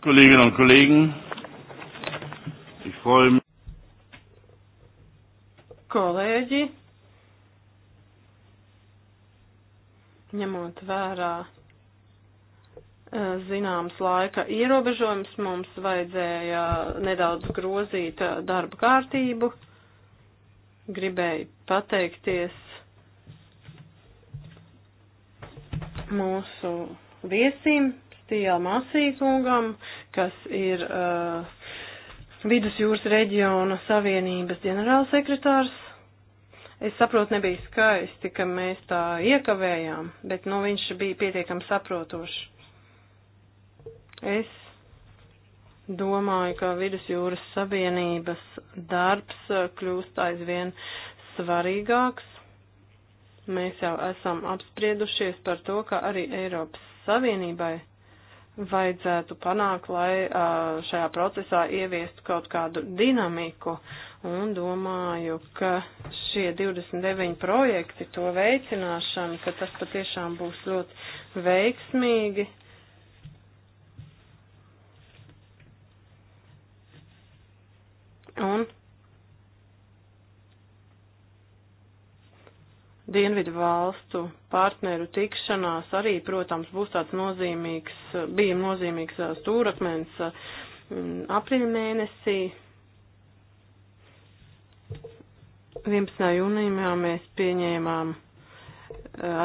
Kolleginnen und Kollegen, ich freue mich. Kolēģi, ņemot vērā eh, zināms laika ierobežojums, mums vajadzēja eh, nedaudz grozīt eh, darba kārtību. Gribēju pateikties mūsu viesim, Tiel Masīkungam, kas ir uh, Vidusjūras reģiona savienības ģenerālsekretārs. Es saprotu, nebija skaisti, ka mēs tā iekavējām, bet nu, viņš bija pietiekami saprotošs. Es domāju, ka Vidusjūras savienības darbs uh, kļūst aizvien svarīgāks. Mēs jau esam apspriedušies par to, ka arī Eiropas Savienībai vajadzētu panākt, lai šajā procesā ieviestu kaut kādu dinamiku. Un domāju, ka šie 29 projekti, to veicināšana, ka tas patiešām būs ļoti veiksmīgi. Un Dienvidu valstu partneru tikšanās arī, protams, būs tāds nozīmīgs, bija nozīmīgs stūrakmens aprīļa mēnesī. 11. jūnijā mēs pieņēmām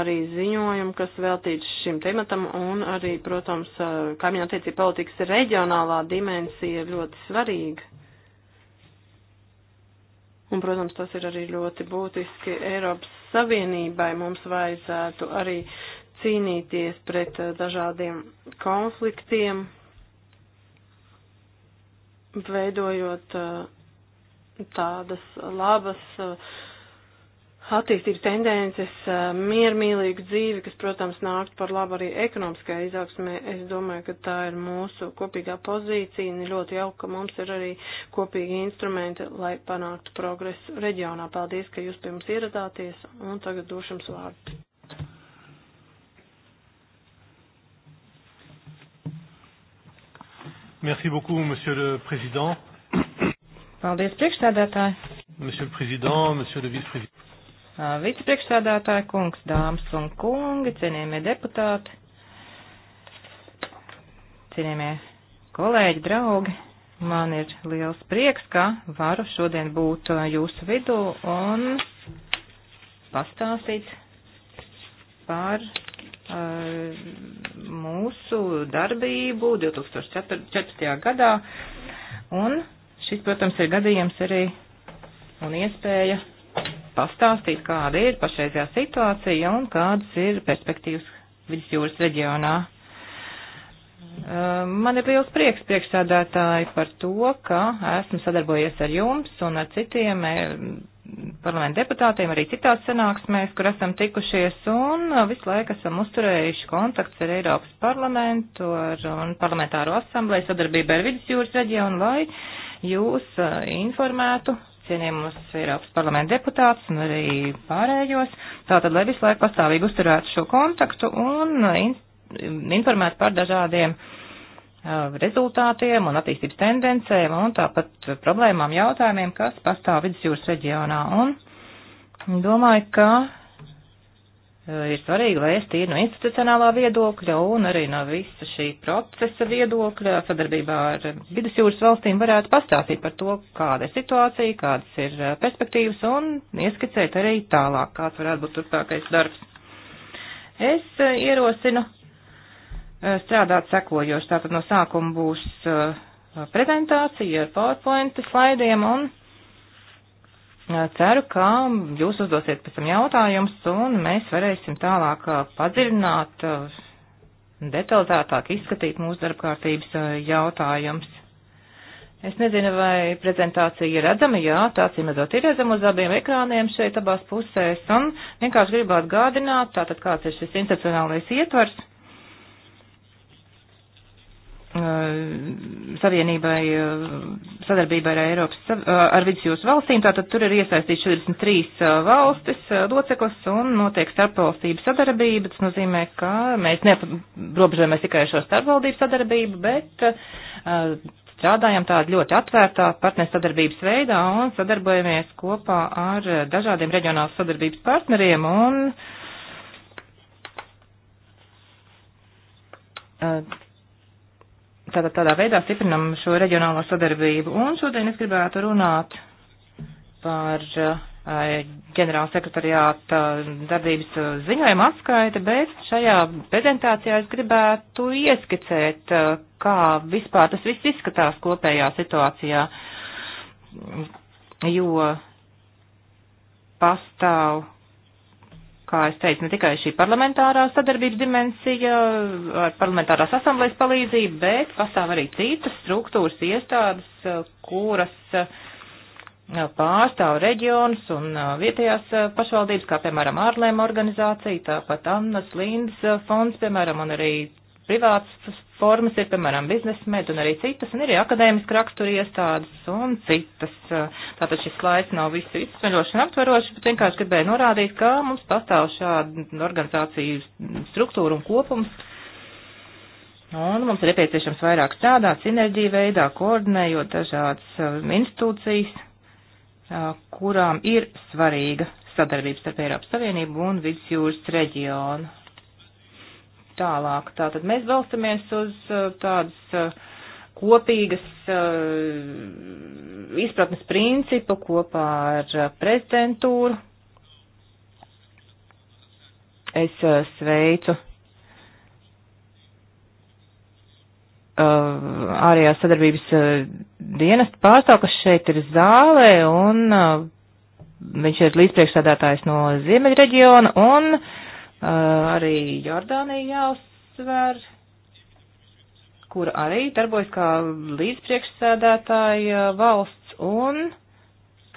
arī ziņojumu, kas veltīts šim tematam, un arī, protams, kaimiņu attiecību politikas reģionālā dimensija ir ļoti svarīga. Un, protams, tas ir arī ļoti būtiski Eiropas Savienībai mums vajadzētu arī cīnīties pret eh, dažādiem konfliktiem, veidojot eh, tādas labas eh, attīstības tendences, miermīlīgu dzīvi, kas, protams, nākt par labu arī ekonomiskai izaugsmē. Es domāju, ka tā ir mūsu kopīgā pozīcija un ļoti jauka, ka mums ir arī kopīgi instrumenti, lai panāktu progresu reģionā. Paldies, ka jūs pie mums ieradāties un tagad došu jums vārdu. Merci beaucoup, Monsieur le Président. Paldies, priekšstādātāji. Monsieur le Président, Monsieur le Vice-président vicepriekšsādātāja kungs, dāmas un kungi, cienījamie deputāti, cienījamie kolēģi, draugi. Man ir liels prieks, ka varu šodien būt jūsu vidū un pastāstīt par uh, mūsu darbību 2014. gadā. Un šis, protams, ir gadījums arī un iespēja pastāstīt, kāda ir pašreizējā situācija un kādas ir perspektīvas vidusjūras reģionā. Man ir liels prieks priekšsādātāji par to, ka esmu sadarbojies ar jums un ar citiem parlamentu deputātiem arī citās sanāksmēs, kur esam tikušies un visu laiku esam uzturējuši kontakts ar Eiropas parlamentu ar, un parlamentāro asambleju sadarbībā ar vidusjūras reģionu, lai jūs informētu cienījumus Eiropas parlamenta deputātus un arī pārējos. Tātad, lai visu laiku pastāvīgi uzturētu šo kontaktu un uh, in, informētu par dažādiem uh, rezultātiem un attīstības tendencēm un tāpat problēmām, jautājumiem, kas pastāv vidusjūras reģionā. Un domāju, ka Eh, ir svarīgi, lai es tīri no institucionālā viedokļa un arī no visa šī procesa viedokļa sadarbībā ar vidusjūras valstīm varētu pastāstīt par to, kāda ir situācija, kādas ir eh, perspektīvas un ieskicēt arī tālāk, kāds varētu būt turpākais darbs. Es eh, ierosinu strādāt sekojoši, tātad no sākuma būs prezentācija ar PowerPoint slaidiem un ceru, ka jūs uzdosiet pēc tam jautājumus un mēs varēsim tālāk uh, padziļināt, uh, detalizētāk izskatīt mūsu darbkārtības uh, jautājumus. Es nezinu, vai prezentācija ir redzama, jā, tā cīmēdot ir redzama uz abiem ekrāniem šeit abās pusēs, un vienkārši gribu atgādināt, tātad kāds ir šis institucionālais ietvars. Uh, savienībai uh, sadarbībai ar Eiropas, uh, ar vidusjūras valstīm. Tātad tur ir iesaistīts 43 valstis loceklis un notiek starpvalstību sadarbība. Tas nozīmē, ka mēs neaprobežojamies tikai šo starpvaldību sadarbību, bet strādājam tādā ļoti atvērtā partneru sadarbības veidā un sadarbojamies kopā ar dažādiem reģionālas sadarbības partneriem un tātad tādā veidā stiprinam šo reģionālo sadarbību. Un šodien es gribētu runāt par eh, ģenerāla sekretariāta darbības eh, ziņojuma atskaita, bet šajā prezentācijā es gribētu ieskicēt, eh, kā vispār tas viss izskatās kopējā situācijā, jo pastāv kā es teicu, ne tikai šī parlamentārā sadarbības dimensija ar parlamentārās asamblēs palīdzību, bet pastāv arī citas struktūras iestādes, eh, kuras eh, pārstāv reģionus un eh, vietējās pašvaldības, kā piemēram ārlēma organizācija, tāpat Annas Lindas fonds, piemēram, un arī privātas formas ir, piemēram, biznesmed un arī citas, un ir akadēmiska rakstura iestādes un citas. Tātad šis slaids nav visu izsmeļoši un aptveroši, bet vienkārši gribēju norādīt, ka mums pastāv šāda organizāciju struktūra un kopums. Un mums ir nepieciešams vairāk strādāt sinerģija veidā, koordinējot dažādas um, institūcijas, uh, kurām ir svarīga sadarbība starp Eiropas Savienību un Vidusjūras reģionu tālāk. Tātad mēs balstamies uz uh, tādas uh, kopīgas uh, izpratnes principu kopā ar prezidentūru. Es sveicu ārējās sadarbības dienestu pārstāvu, kas šeit ir zālē, un viņš ir līdzpriekšsādātājs no Ziemeļa reģiona, un uh, Eh, arī Jordānija jāuzsver, kura arī darbojas kā līdzpriekšsēdētāja valsts, un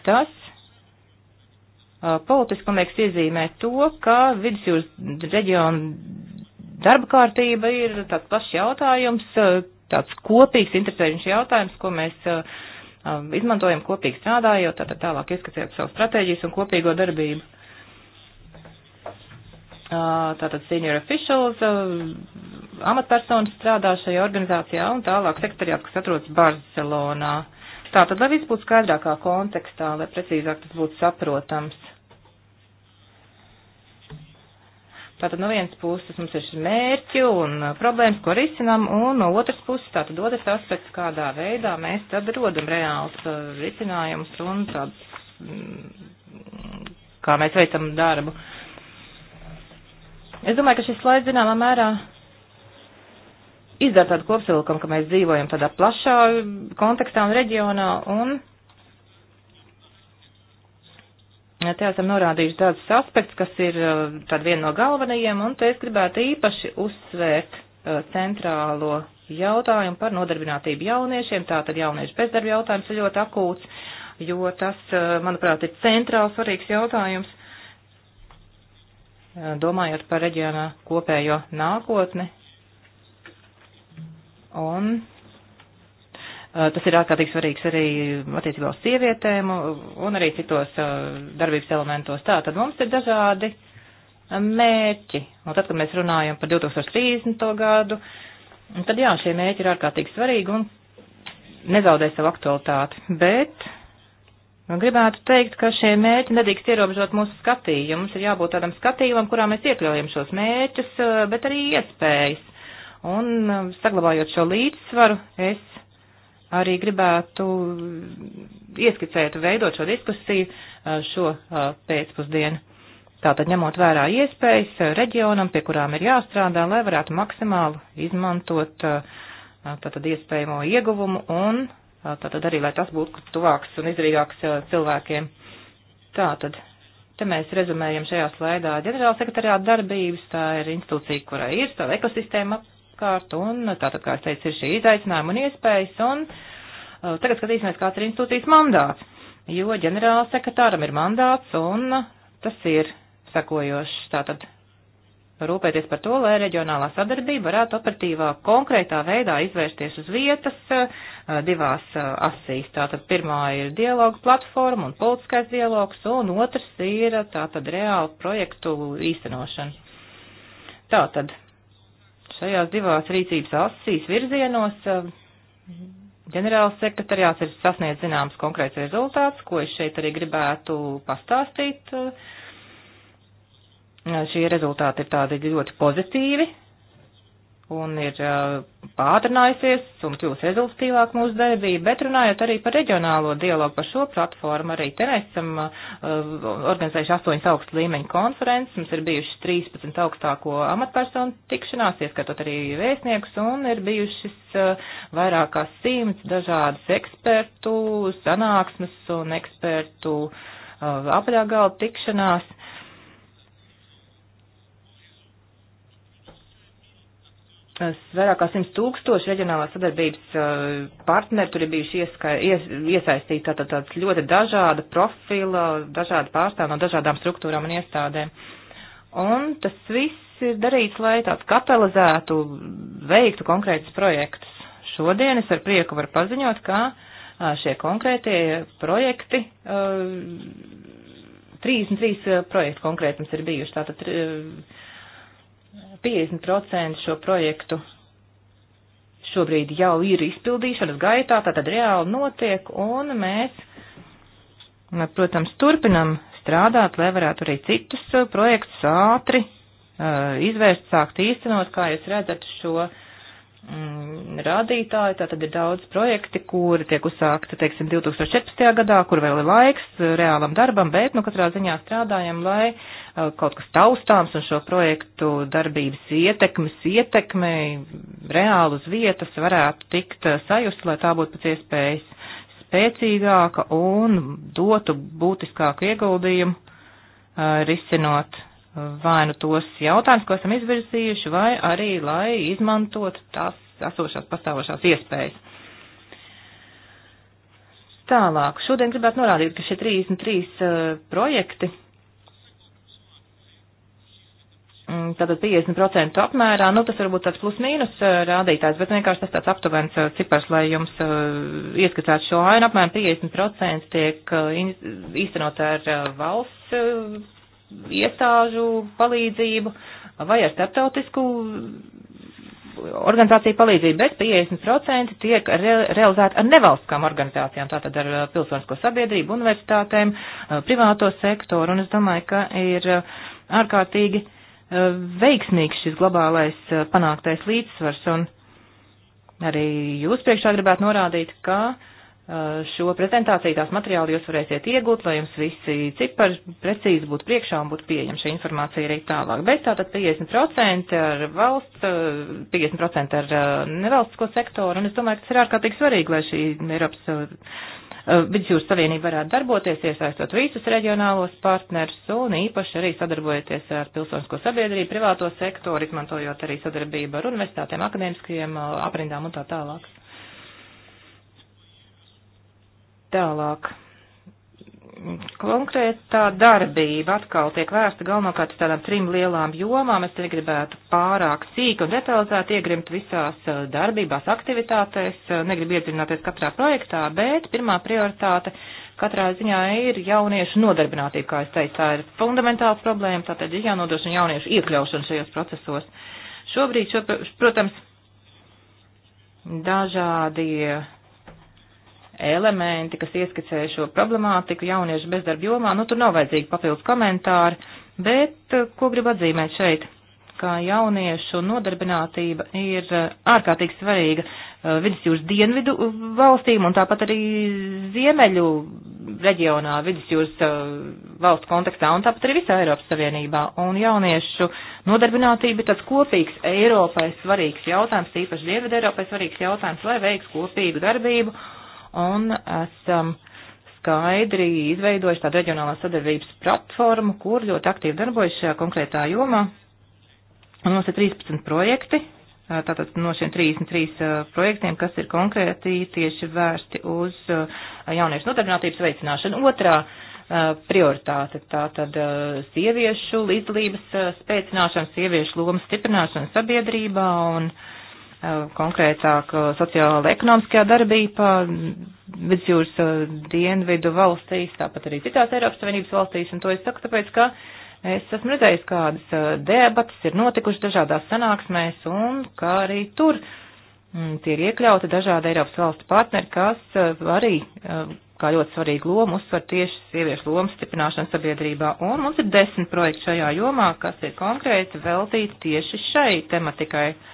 tas eh, politiski, man liekas, iezīmē to, ka vidusjūras reģiona darba kārtība ir tāds pašs jautājums, eh, tāds kopīgs interesējušs jautājums, ko mēs izmantojam kopīgi strādājot, tātad tālāk ieskatot savu stratēģijas un kopīgo darbību tātad senior officials, amatpersonas strādā šajā organizācijā un tālāk sekretariāts, kas atrodas Barcelonā. Tātad, lai viss būtu skaidrākā kontekstā, lai precīzāk tas būtu saprotams. Tātad no vienas puses mums ir šis mērķi un problēmas, ko risinām, un no otras puses tātad otrs aspekts, kādā veidā mēs tad rodam reāls uh, risinājumus un tāds, mm, kā mēs veicam darbu. Uh, Es domāju, ka šis slaids zināmā mērā izdara tādu kopsavilkumu, ka mēs dzīvojam tādā plašā kontekstā un reģionā, un te esam norādījuši tādus aspektus, kas ir uh, tāda viena no galvenajiem, un te es gribētu īpaši uzsvērt uh, centrālo jautājumu par nodarbinātību jauniešiem, tātad jauniešu bezdarba jautājums ir ļoti akūts, jo tas, uh, manuprāt, ir centrāls svarīgs jautājums domājot par reģiona kopējo nākotni. Un tas ir ārkārtīgi svarīgs arī attiecībā uz sievietēm un arī citos darbības elementos. Tā tad mums ir dažādi mērķi. Un tad, kad mēs runājam par 2030. gadu, tad jā, šie mērķi ir ārkārtīgi svarīgi un nezaudē savu aktualitāti. Bet Man gribētu teikt, ka šie mērķi nedrīkst ierobežot mūsu skatījumu. Mums ir jābūt tādam skatījumam, kurā mēs iekļaujam šos mērķus, eh, bet arī iespējas. Un eh, saglabājot šo līdzsvaru, es arī gribētu ieskicēt, veidot šo diskusiju eh, šo pēcpusdienu. Tātad ņemot vērā iespējas reģionam, pie kurām ir jāstrādā, lai varētu maksimāli izmantot tātad iespējamo ieguvumu un tātad arī, lai tas būtu tuvāks un izdevīgāks cilvēkiem. Tātad, te mēs rezumējam šajā slaidā ģenerāla sekretariāta darbības, tā ir institūcija, kurai ir sava ekosistēma apkārt, un tātad, kā es teicu, ir šī izaicinājuma un iespējas, un uh, tagad skatīsimies, kāds ir institūcijas mandāts, jo ģenerāla sekretāram ir mandāts, un tas ir sekojošs, tātad rūpēties par to, lai reģionālā sadarbība varētu operatīvā konkrētā veidā izvērsties uz vietas eh, divās eh, asīs. Tātad pirmā ir dialogu platforma un politiskais dialogs, un otrs ir eh, tātad reāla projektu īstenošana. Tātad šajās divās rīcības asīs virzienos ģenerāls sekretariāts ir sasniedz zināms konkrēts rezultāts, ko es šeit arī gribētu pastāstīt. Uh, šie rezultāti ir tādi ļoti pozitīvi un ir pātrinājusies un kļūs rezultatīvāk mūsu darbība, bet runājot arī par reģionālo dialogu par šo platformu, arī te mēs esam organizējuši astoņas augstu līmeņu konferences, mums ir bijušas 13 augstāko amatpersonu tikšanās, ieskatot arī vēstniekus, un ir bijušas vairāk kā simts dažādas ekspertu sanāksmes un ekspertu apaļā galda tikšanās vairāk kā 100 tūkstoši reģionālās sadarbības uh, partneri tur ir bijuši ieska, ies, iesaistīti tātad tāds ļoti dažāda profila, dažāda pārstāv no dažādām struktūrām un iestādēm. Un tas viss ir darīts, lai tāds katalizētu, veiktu konkrētus projektus. Šodien es ar prieku varu paziņot, ka uh, šie konkrētie projekti, 33 uh, projekti konkrēti mums ir bijuši. Tātad, 50% šo projektu šobrīd jau ir izpildīšanas gaitā, tā tad reāli notiek, un mēs, protams, turpinam strādāt, lai varētu arī citus uh, projektus ātri uh, izvērst, sākt īstenot, kā jūs redzat šo mm, rādītāju, tā tad ir daudz projekti, kuri tiek uzsākti, teiksim, 2014. gadā, kur vēl ir laiks uh, reālam darbam, bet, nu, katrā ziņā strādājam, lai uh, Uh, kaut kas taustāms un šo projektu darbības ietekmes ietekme reāli uz vietas varētu tikt uh, sajust, lai tā būtu pēc iespējas spēcīgāka un dotu būtiskāku ieguldījumu uh, risinot vai nu tos jautājumus, ko esam izvirzījuši, vai arī, lai izmantot tās esošās pastāvošās iespējas. Tālāk, šodien gribētu norādīt, ka šie 33 uh, projekti Mm, tātad 50% apmērā, nu tas varbūt tāds plus-mīnus eh, rādītājs, bet vienkārši tas tāds aptuvens eh, cipars, lai jums eh, ieskatās šo ainu, apmēram 50% tiek īstenot ar valsts iestāžu palīdzību vai ar starptautisku organizāciju palīdzību, bet 50% tiek re realizēti ar nevalstiskām organizācijām, tātad ar pilsonisko sabiedrību, universitātēm, privāto sektoru, un es domāju, ka ir ārkārtīgi Eh, veiksmīgs šis globālais eh, panāktais līdzsvars, un arī jūs priekšā gribētu norādīt, ka eh, šo prezentāciju tās materiāli jūs varēsiet iegūt, lai jums visi cipari precīzi būtu priekšā un būtu pieejama šī informācija arī tālāk. Bet tātad 50% ar valsts, 50% ar nevalstisko sektoru, un es domāju, ka tas ir ārkārtīgi svarīgi, lai šī Eiropas Eh, Vidusjūras Savienība varētu darboties, iesaistot visus reģionālos partnerus un īpaši arī sadarbojoties ar pilsonisko sabiedrību, privāto sektoru, izmantojot arī sadarbību ar universitātēm, akadēmiskajiem eh, aprindām un tā tālāk. Tālāk konkrētā darbība atkal tiek vērsta galvenokārt uz tādām trim lielām jomām. Es negribētu pārāk sīk un detalizēt iegrimt visās eh, darbībās, aktivitātēs, eh, negribu iedziļināties katrā projektā, bet pirmā prioritāte katrā ziņā ir jauniešu nodarbinātība, kā es teicu, tā ir fundamentāla problēma, tātad ir jānodrošina jauniešu iekļaušana šajos procesos. Šobrīd, šo, protams, dažādi elementi, kas ieskicēja šo problemātiku jauniešu bezdarba jomā. Nu, tur nav vajadzīgi papildus komentāri, bet eh, ko gribu atzīmēt šeit? ka jauniešu nodarbinātība ir eh, ārkārtīgi svarīga eh, vidusjūras dienvidu valstīm un tāpat arī ziemeļu reģionā vidusjūras valstu kontekstā un tāpat arī visā Eiropas Savienībā. Un jauniešu nodarbinātība ir tāds kopīgs Eiropai svarīgs jautājums, īpaši Dienvidu Eiropai svarīgs jautājums, lai veiks kopīgu darbību un esam skaidri izveidojuši tādu reģionālās sadarbības platformu, kur ļoti aktīvi darbojas šajā konkrētā jomā. Un mums ir 13 projekti, tātad no šiem 33 projektiem, kas ir konkrēti tieši vērsti uz jauniešu nodarbinātības veicināšanu. Otrā prioritāte. Tātad sieviešu līdzdalības spēcināšana, sieviešu lomas stiprināšana sabiedrībā un uh, konkrētāk sociāla ekonomiskajā darbībā vidusjūras dienvidu valstīs, tāpat arī citās Eiropas Savienības valstīs, un to es saku tāpēc, ka es esmu redzējis, kādas debatas ir notikušas dažādās sanāksmēs, un kā arī tur mm, tie ir iekļauti dažādi Eiropas valstu partneri, kas arī kā ļoti svarīgu lomu uzsver tieši sieviešu lomu stiprināšanu sabiedrībā. Un mums ir desmit projekti šajā jomā, kas ir konkrēti veltīti tieši šai tematikai. Uh,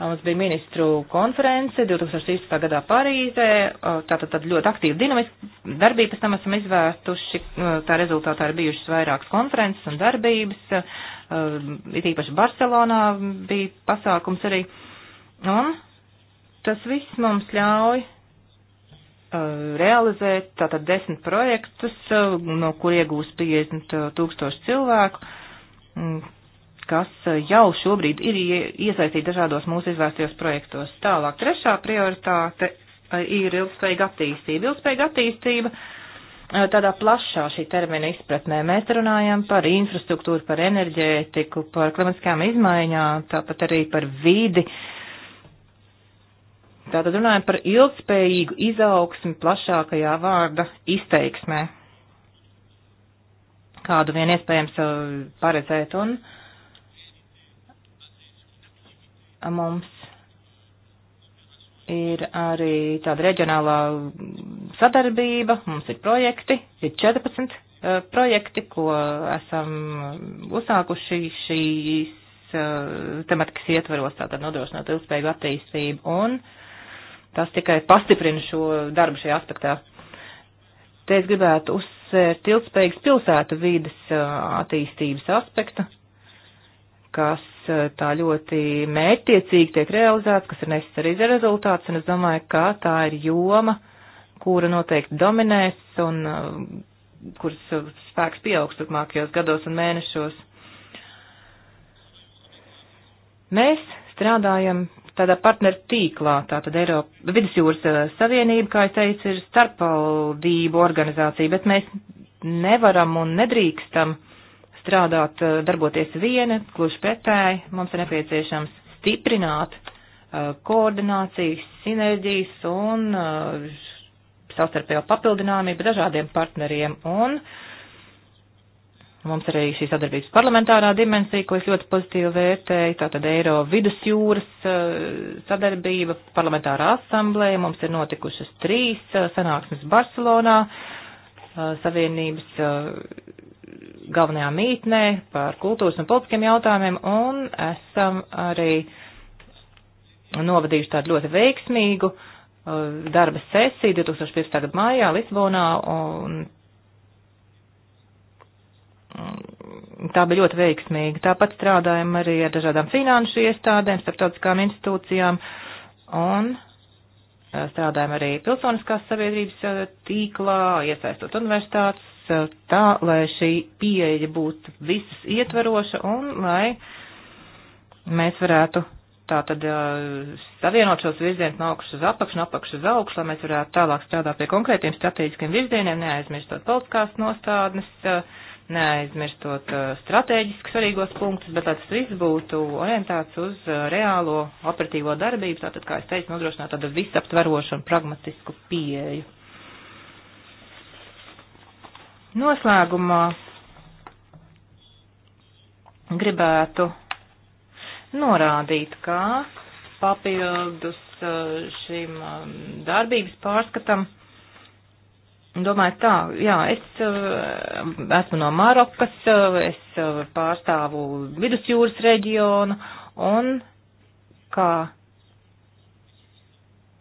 Mums bija ministru konference 2016. gadā Parīzē, tātad tad ļoti aktīva dinamiska darbība, pēc tam esam izvērtuši, tā rezultātā ir bijušas vairākas konferences un darbības, it īpaši Barcelonā bija pasākums arī. Un tas viss mums ļauj realizēt tātad desmit projektus, no kur iegūs 50 tūkstoši cilvēku kas eh, jau šobrīd ir iesaistīti dažādos mūsu izvērstajos projektos. Tālāk, trešā prioritāte eh, ir ilgspējīga attīstība. Ilgspējīga attīstība eh, tādā plašā šī termina izpratnē. Mēs runājam par infrastruktūru, par enerģētiku, par klimatiskām izmaiņām, tāpat arī par vidi. Tātad runājam par ilgspējīgu izaugsmi plašākajā vārda izteiksmē, kādu vien iespējams paredzēt. Un uh, mums ir arī tāda reģionālā sadarbība, mums ir projekti, ir 14 uh, eh, projekti, ko esam uzsākuši šīs uh, tematikas ietvaros, tātad nodrošināt ilgspējīgu attīstību, un tas tikai pastiprina šo darbu šajā aspektā. Te es gribētu uzsvērt ilgspējīgas pilsētu vides uh, attīstības aspektu, kas e, tā ļoti mērķtiecīgi tiek realizēts, kas ir nesis arī rezultāts, un es domāju, ka tā ir joma, kura noteikti dominēs un e, kuras spēks pieaugs turpmākajos gados un mēnešos. Mēs strādājam tādā partneru tīklā, tātad Eiropa Vidusjūras e, Savienība, kā es teicu, ir starpvaldību organizācija, bet mēs nevaram un nedrīkstam uh, strādāt, eh, darboties viena, kluši pretēji, mums ir nepieciešams stiprināt eh, koordinācijas, sinerģijas un eh, savstarpējo papildināmību dažādiem partneriem. Un mums arī šī sadarbības parlamentārā dimensija, ko es ļoti pozitīvi vērtēju, tātad Eiro vidusjūras sadarbība, parlamentārā asamblēja, mums ir notikušas trīs sanāksmes Barcelonā, Savienības galvenajā mītnē par kultūras un politiskiem jautājumiem, un esam arī novadījuši tādu ļoti veiksmīgu uh, darba sesiju 2015. gada mājā Lisbonā, un mm, tā bija ļoti veiksmīga. Tāpat strādājam arī ar dažādām finanšu iestādēm, starptautiskām institūcijām, un Eh, strādājam arī pilsoniskās sabiedrības eh, tīklā, iesaistot universitātes, eh, tā, lai šī pieeja būtu visas ietveroša un lai mēs varētu tā tad savienot šos virzienus no augšas uz apakšu, no apakšas uz augšu, lai mēs varētu tālāk strādāt pie konkrētiem strateģiskiem virzieniem, neaizmirstot politiskās nostādnes, uh, neaizmirstot eh, strateģiski svarīgos punktus, bet lai tas viss būtu orientēts uz eh, reālo operatīvo darbību, tātad, kā es teicu, nodrošināt tādu visaptverošu un pragmatisku pieeju. Noslēgumā gribētu norādīt, kā papildus eh, šim darbības pārskatam Domāju tā, jā, es eh, esmu no Marokas, eh, es eh, pārstāvu vidusjūras reģionu un kā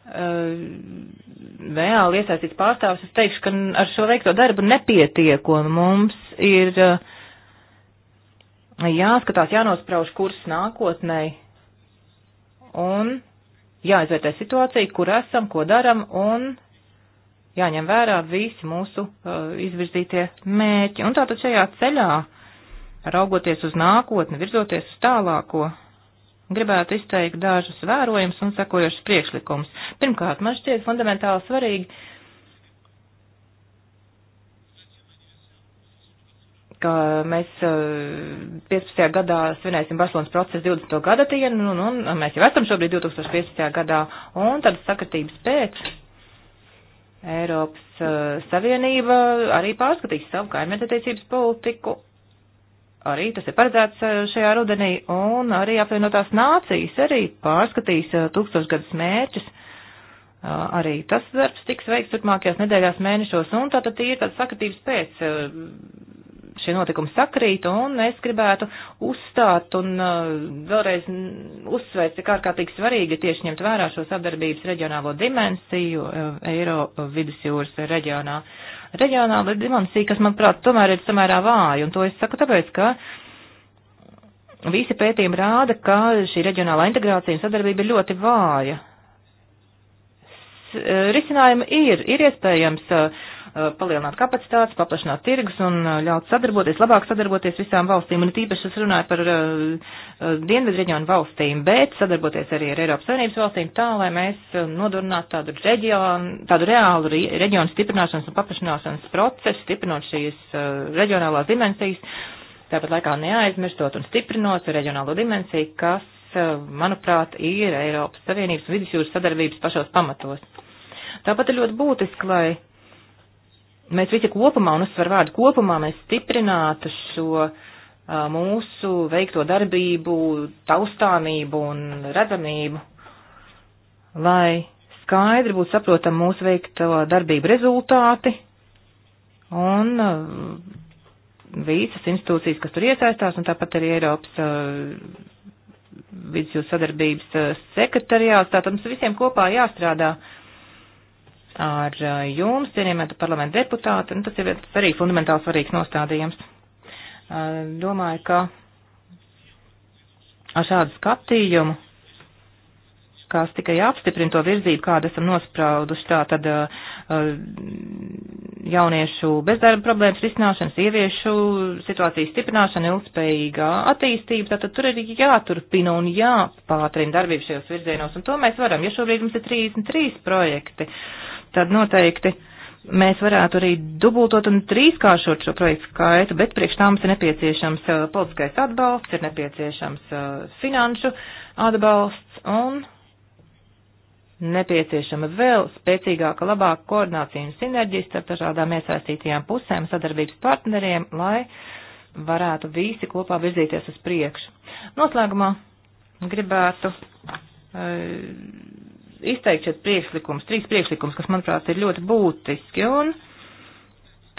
reāli iesaistīts pārstāvis, es teikšu, ka ar šo veikto darbu nepietiek, un mums ir jāskatās, jānosprauž kurs nākotnē, un jāizvērtē situācija, kur esam, ko daram, un jāņem vērā visi mūsu uh, izvirzītie mērķi. Un tātad šajā ceļā, raugoties uz nākotni, virzoties uz tālāko, gribētu izteikt dažus vērojumus un sekojošus priekšlikumus. Pirmkārt, man šķiet fundamentāli svarīgi, ka mēs 15. Uh, gadā svinēsim Barcelonas procesa 20. gada dienu, un, nu, nu, un mēs jau esam šobrīd 2015. gadā, un tad sakatības pēc Eiropas uh, Savienība arī pārskatīs savu kaimiņattiecības politiku. Arī tas ir paredzēts uh, šajā rudenī, un arī apvienotās nācijas arī pārskatīs uh, tūkstošgadus mērķus. Uh, arī tas darbs tiks veikts turpmākajās nedēļās mēnešos, un tātad ir tāda sakatības pēc uh, šie notikumi sakrīt, un es gribētu uzstāt un uh, vēlreiz uzsvērt, cik ārkārtīgi svarīgi tieši ņemt vērā šo sadarbības reģionālo dimensiju uh, Eiro uh, vidusjūras reģionā. Reģionāla dimensija, kas, manuprāt, tomēr ir samērā vāja, un to es saku tāpēc, ka visi pētījumi rāda, ka šī reģionālā integrācija un sadarbība ir ļoti vāja. Risinājumi ir, ir iespējams uh, Uh, palielināt kapacitātes, paplašināt tirgus un uh, ļaut sadarboties, labāk sadarboties visām valstīm. Un tīpaši es runāju par uh, dienvidu reģionu valstīm, bet sadarboties arī ar Eiropas Savienības valstīm tā, lai mēs nodurnātu tādu, reģionu, tādu reālu reģionu stiprināšanas un paplašināšanas procesu, stiprinot šīs reģionālās dimensijas, tāpat laikā neaizmirstot un stiprinot reģionālo dimensiju, kas manuprāt, ir Eiropas Savienības vidusjūras sadarbības pašos pamatos. Tāpat ir ļoti būtiski, lai mēs visi kopumā, un uzsver vārdu kopumā, mēs stiprinātu šo uh, mūsu veikto darbību, taustāmību un redzamību, lai skaidri būtu saprotam mūsu veikto darbību rezultāti un uh, visas institūcijas, kas tur iesaistās, un tāpat arī Eiropas uh, vidusjūras sadarbības sekretariāts, tātad mums visiem kopā jāstrādā. Uh, ar uh, jums, cienījamēta parlamenta deputāti, nu, tas ir viens arī fundamentāli svarīgs nostādījums. Uh, domāju, ka ar šādu skatījumu kas tikai apstiprina to virzību, kādu esam nosprauduši. Tā tad uh, uh, jauniešu bezdarba problēmas risināšana, sieviešu situācijas stiprināšana, ilgspējīgā attīstība. Tātad tur ir jāturpina un jāpātrina darbību šajos virzienos, un to mēs varam. Ja šobrīd mums ir 33 projekti, tad noteikti mēs varētu arī dubultot un trīskāršot šo projektu skaitu, bet priekš tā mums ir nepieciešams uh, politiskais atbalsts, ir nepieciešams finanšu atbalsts un nepieciešama vēl spēcīgāka, labāka koordinācija un sinerģija starp dažādām iesaistītajām pusēm, sadarbības partneriem, lai varētu visi kopā virzīties uz priekšu. Noslēgumā gribētu e, izteikt šeit priekšlikums, trīs priekšlikums, kas, manuprāt, ir ļoti būtiski un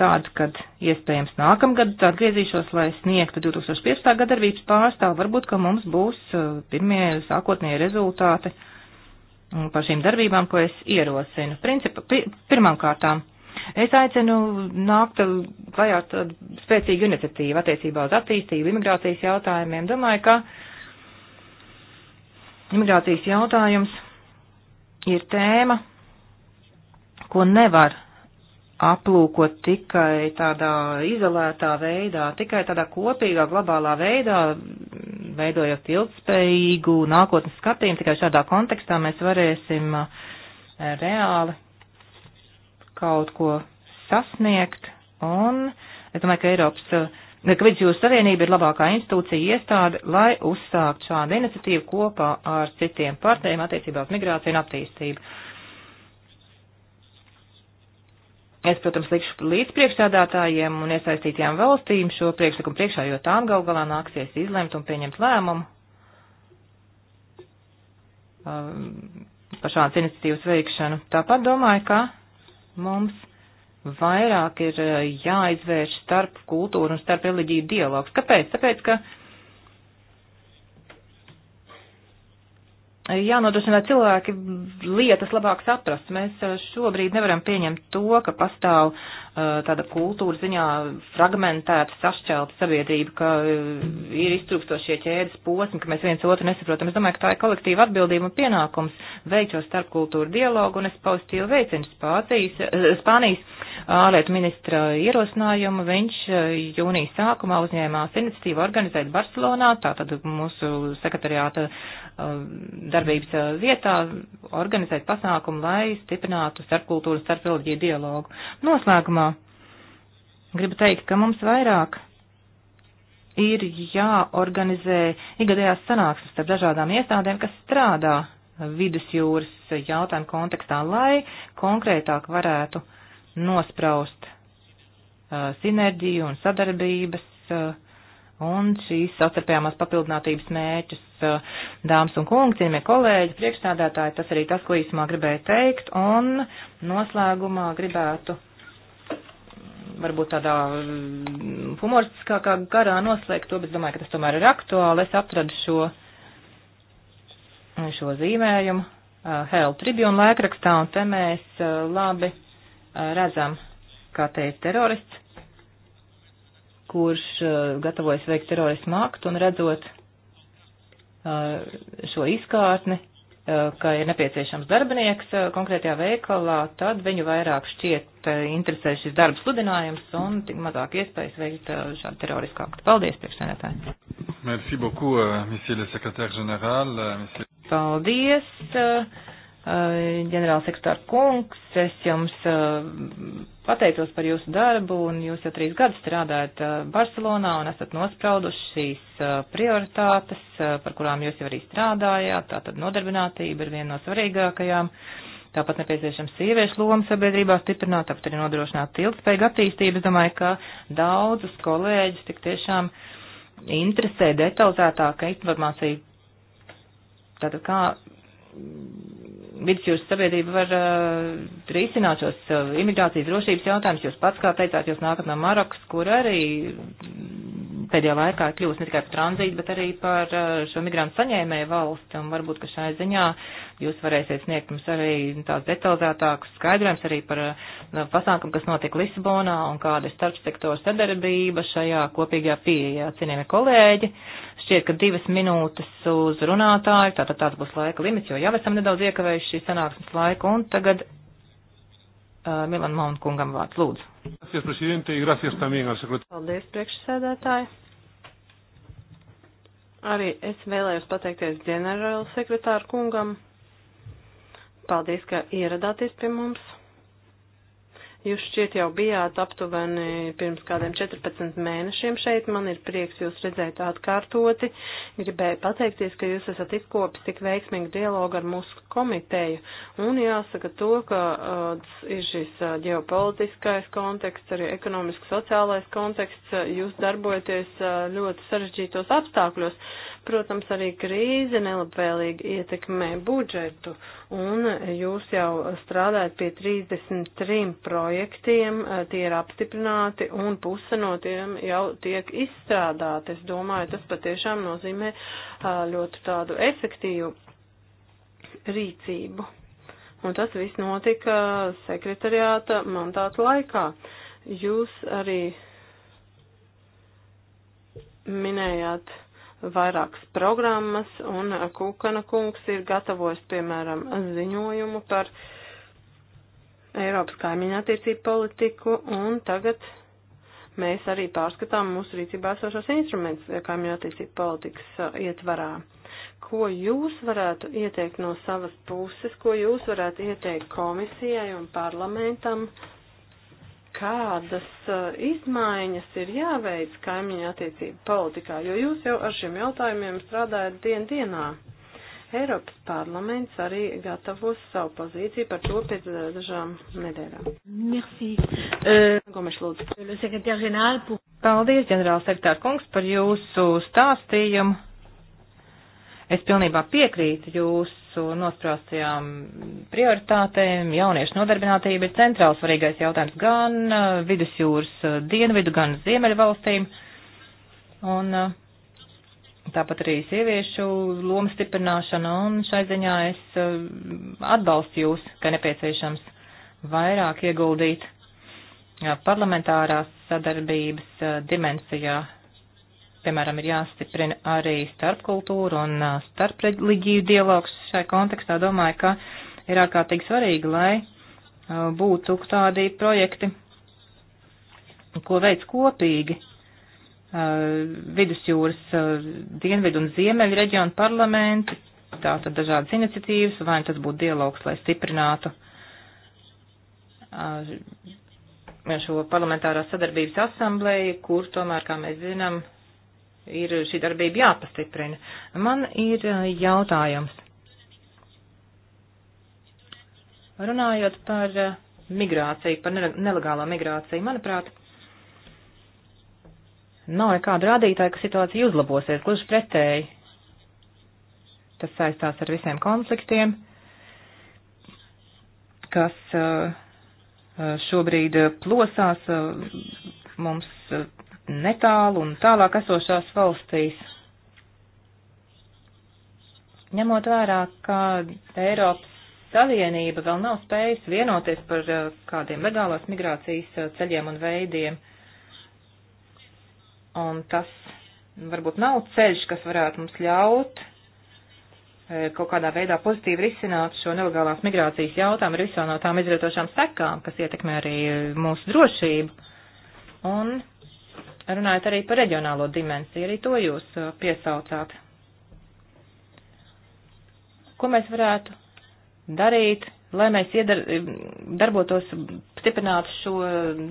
tādi, kad iespējams nākamgad atgriezīšos, lai sniegtu 2015. gada darbības pārstāvu, varbūt, ka mums būs e, pirmie sākotnēji rezultāti. Uh, Mm, par šīm darbībām, ko es ierosinu. Principa, pirmām kārtām, es aicinu nākt klajā tādu spēcīgu iniciatīvu attiecībā uz attīstību, imigrācijas jautājumiem. Domāju, ka imigrācijas jautājums ir tēma, ko nevar aplūkot tikai tādā izolētā veidā, tikai tādā kopīgā globālā veidā veidojot ilgspējīgu nākotnes skatījumu, tikai šādā kontekstā mēs varēsim uh, reāli kaut ko sasniegt, un es domāju, ka Eiropas, uh, ka Vidusjūras Savienība ir labākā institūcija iestāde, lai uzsākt šādu iniciatīvu kopā ar citiem partneriem attiecībā uz migrāciju un attīstību. Es, protams, likšu līdz priekšstādātājiem un iesaistītajām valstīm šo priekšlikumu priekšā, jo tām gal galā nāksies izlemt un pieņemt lēmumu um, par šādas iniciatīvas veikšanu. Tāpat domāju, ka mums vairāk ir uh, jāizvērš starp kultūru un starp reliģiju dialogs. Kāpēc? Tāpēc, ka jānodrošina, lai cilvēki lietas labāk saprast. Mēs eh, šobrīd nevaram pieņemt to, ka pastāv Eh, tāda kultūra ziņā fragmentēta, sašķelta sabiedrība, ka eh, ir iztrūkstošie ķēdes posmi, ka mēs viens otru nesaprotam. Es domāju, ka tā ir kolektīva atbildība un pienākums veikt šo starpkultūru dialogu, un es paustīju veicinu eh, Spānijas ārlietu ministra ierosinājumu. Viņš jūnijas sākumā uzņēmās iniciatīvu organizēt Barcelonā, tātad mūsu sekretariāta darbības vietā, organizēt pasākumu, lai stiprinātu starpkultūru, starpreliģiju dialogu. Noslēgumā Gribu teikt, ka mums vairāk ir jāorganizē ikgadējās sanāksmes starp dažādām iestādēm, kas strādā vidusjūras jautājumu kontekstā, lai konkrētāk varētu nospraust uh, sinerģiju un sadarbības uh, un šīs sacirpējāmās papildinātības mēķus. Uh, dāmas un kungi, cienījamie kolēģi, priekšstādātāji, tas arī tas, ko īsumā gribēju teikt, un noslēgumā gribētu varbūt tādā mm, humoristiskākā garā noslēgt to, bet domāju, ka tas tomēr ir aktuāli. Es atradu šo, šo zīmējumu uh, Hell Tribune laikrakstā, un te mēs uh, labi uh, redzam, kā teica terorists, kurš gatavojas veikt terorismu aktu un redzot šo izkārtni, Eh, ka ir nepieciešams darbinieks eh, konkrētajā veikalā, tad viņu vairāk šķiet eh, interesē šis darba sludinājums un tik mazāk iespējas veikt šādu terorisku aktu. Paldies, priekšsēdētāji! Merci beaucoup, euh, monsieur le secrétaire général. Euh, monsieur... Paldies! Uh, Eh, ģenerālsektāra kungs, es jums eh, pateicos par jūsu darbu, un jūs jau trīs gadus strādājat eh, Barcelonā un esat nosprauduši šīs prioritātes, par kurām jūs jau arī strādājāt, tātad nodarbinātība ir viena no svarīgākajām. Tāpat nepieciešams sieviešu lomu sabiedrībā stiprināt, tāpat arī nodrošināt ilgspējīgu attīstību. Es domāju, ka daudzus kolēģus tik tiešām interesē detalizētāka informācija. Tātad kā vidusjūras mm, sabiedrība var uh, risināt šos uh, imigrācijas drošības jautājumus. Jūs pats, kā teicāt, jūs nākat no Marokas, kur arī mm, pēdējā laikā kļūst ne tikai par tranzītu, bet arī par uh, šo migrantu saņēmēju valsti. Un varbūt, ka šai ziņā jūs varēsiet sniegt mums arī tās detalizētākas skaidrojums arī par uh, pasākumu, kas notika Lisabonā un kāda ir starpsektora sadarbība šajā kopīgajā pieejā. Cienījamie kolēģi! Uh, šķiet, ka divas minūtes uz runātāju, tātad tāds būs laika limits, jo jau esam nedaudz iekavējuši šī sanāksmes laiku, un tagad uh, Milan Maun kungam vārds lūdzu. Paldies, priekšsēdētāji. Arī es vēlējos pateikties ģenerāla sekretāru kungam. Paldies, ka ieradāties pie mums. Jūs šķiet jau bijāt aptuveni pirms kādiem 14 mēnešiem šeit. Man ir prieks jūs redzēt atkārtoti. Gribēju pateikties, ka jūs esat izkopis tik veiksmīgu dialogu ar mūsu komiteju. Un jāsaka to, ka uh, ir šis uh, ģeopolitiskais konteksts, arī ekonomiski sociālais konteksts. Uh, jūs darbojaties uh, ļoti sarežģītos apstākļos. Protams, arī krīze nelabvēlīgi ietekmē budžetu, un jūs jau strādājat pie 33 projektiem, tie ir apstiprināti, un puse no tiem jau tiek izstrādāti. Es domāju, tas patiešām nozīmē ļoti tādu efektīvu rīcību. Un tas viss notika sekretariāta mandāta laikā. Jūs arī minējāt vairākas programmas, un Kūkana kungs ir gatavojis, piemēram, ziņojumu par Eiropas kaimiņa attiecību politiku, un tagad mēs arī pārskatām mūsu rīcībā esošos instrumentus kaimiņa attiecību politikas uh, ietvarā. Ko jūs varētu ieteikt no savas puses, ko jūs varētu ieteikt komisijai un parlamentam, uh, kādas eh, izmaiņas ir jāveic kaimiņa attiecību politikā, jo jūs jau ar šiem jautājumiem strādājat dien dienā. Eiropas parlaments arī gatavos savu pozīciju par to pēc eh, dažām nedēļām. Merci. Eh, Gomeš, lūdzu. Paldies, ģenerālsekretārkungs, par jūsu stāstījumu Es pilnībā piekrītu jūsu nosprostajām prioritātēm. Jauniešu nodarbinātība ir centrāls svarīgais jautājums gan uh, vidusjūras uh, dienvidu, gan ziemeļu valstīm. Un uh, tāpat arī sieviešu loma stiprināšana. Un šai ziņā es atbalstu jūs, ka nepieciešams vairāk ieguldīt parlamentārās sadarbības dimensijā piemēram, ir jāstiprina arī starpkultūra un starpreģiju dialogs šai kontekstā. Domāju, ka ir ārkārtīgi svarīgi, lai būtu tādi projekti, ko veids kopīgi vidusjūras dienvidu un ziemeļu reģionu parlamenti, tātad dažādas iniciatīvas, vai nu tas būtu dialogs, lai stiprinātu šo parlamentārās sadarbības asambleju, kur tomēr, kā mēs zinām, ir šī darbība jāpastiprina. Man ir eh, jautājums. Runājot par eh, migrāciju, par nelegālo migrāciju, manuprāt, nav nekāda rādītāja, ka situācija uzlabosies, gluži pretēji. Tas saistās ar visiem konfliktiem, kas eh, šobrīd plosās mums netālu un tālāk esošās valstīs. Ņemot vērā, ka Eiropas Savienība vēl nav spējusi vienoties par eh, kādiem legālās migrācijas eh, ceļiem un veidiem, un tas varbūt nav ceļš, kas varētu mums ļaut eh, kaut kādā veidā pozitīvi risināt šo nelegālās migrācijas jautājumu ar visām no tām izrietošām sekām, kas ietekmē arī mūsu drošību. Un runājat arī par reģionālo dimensiju, arī to jūs uh, piesaucāt. Ko mēs varētu darīt, lai mēs iedar, darbotos, stiprinātu šo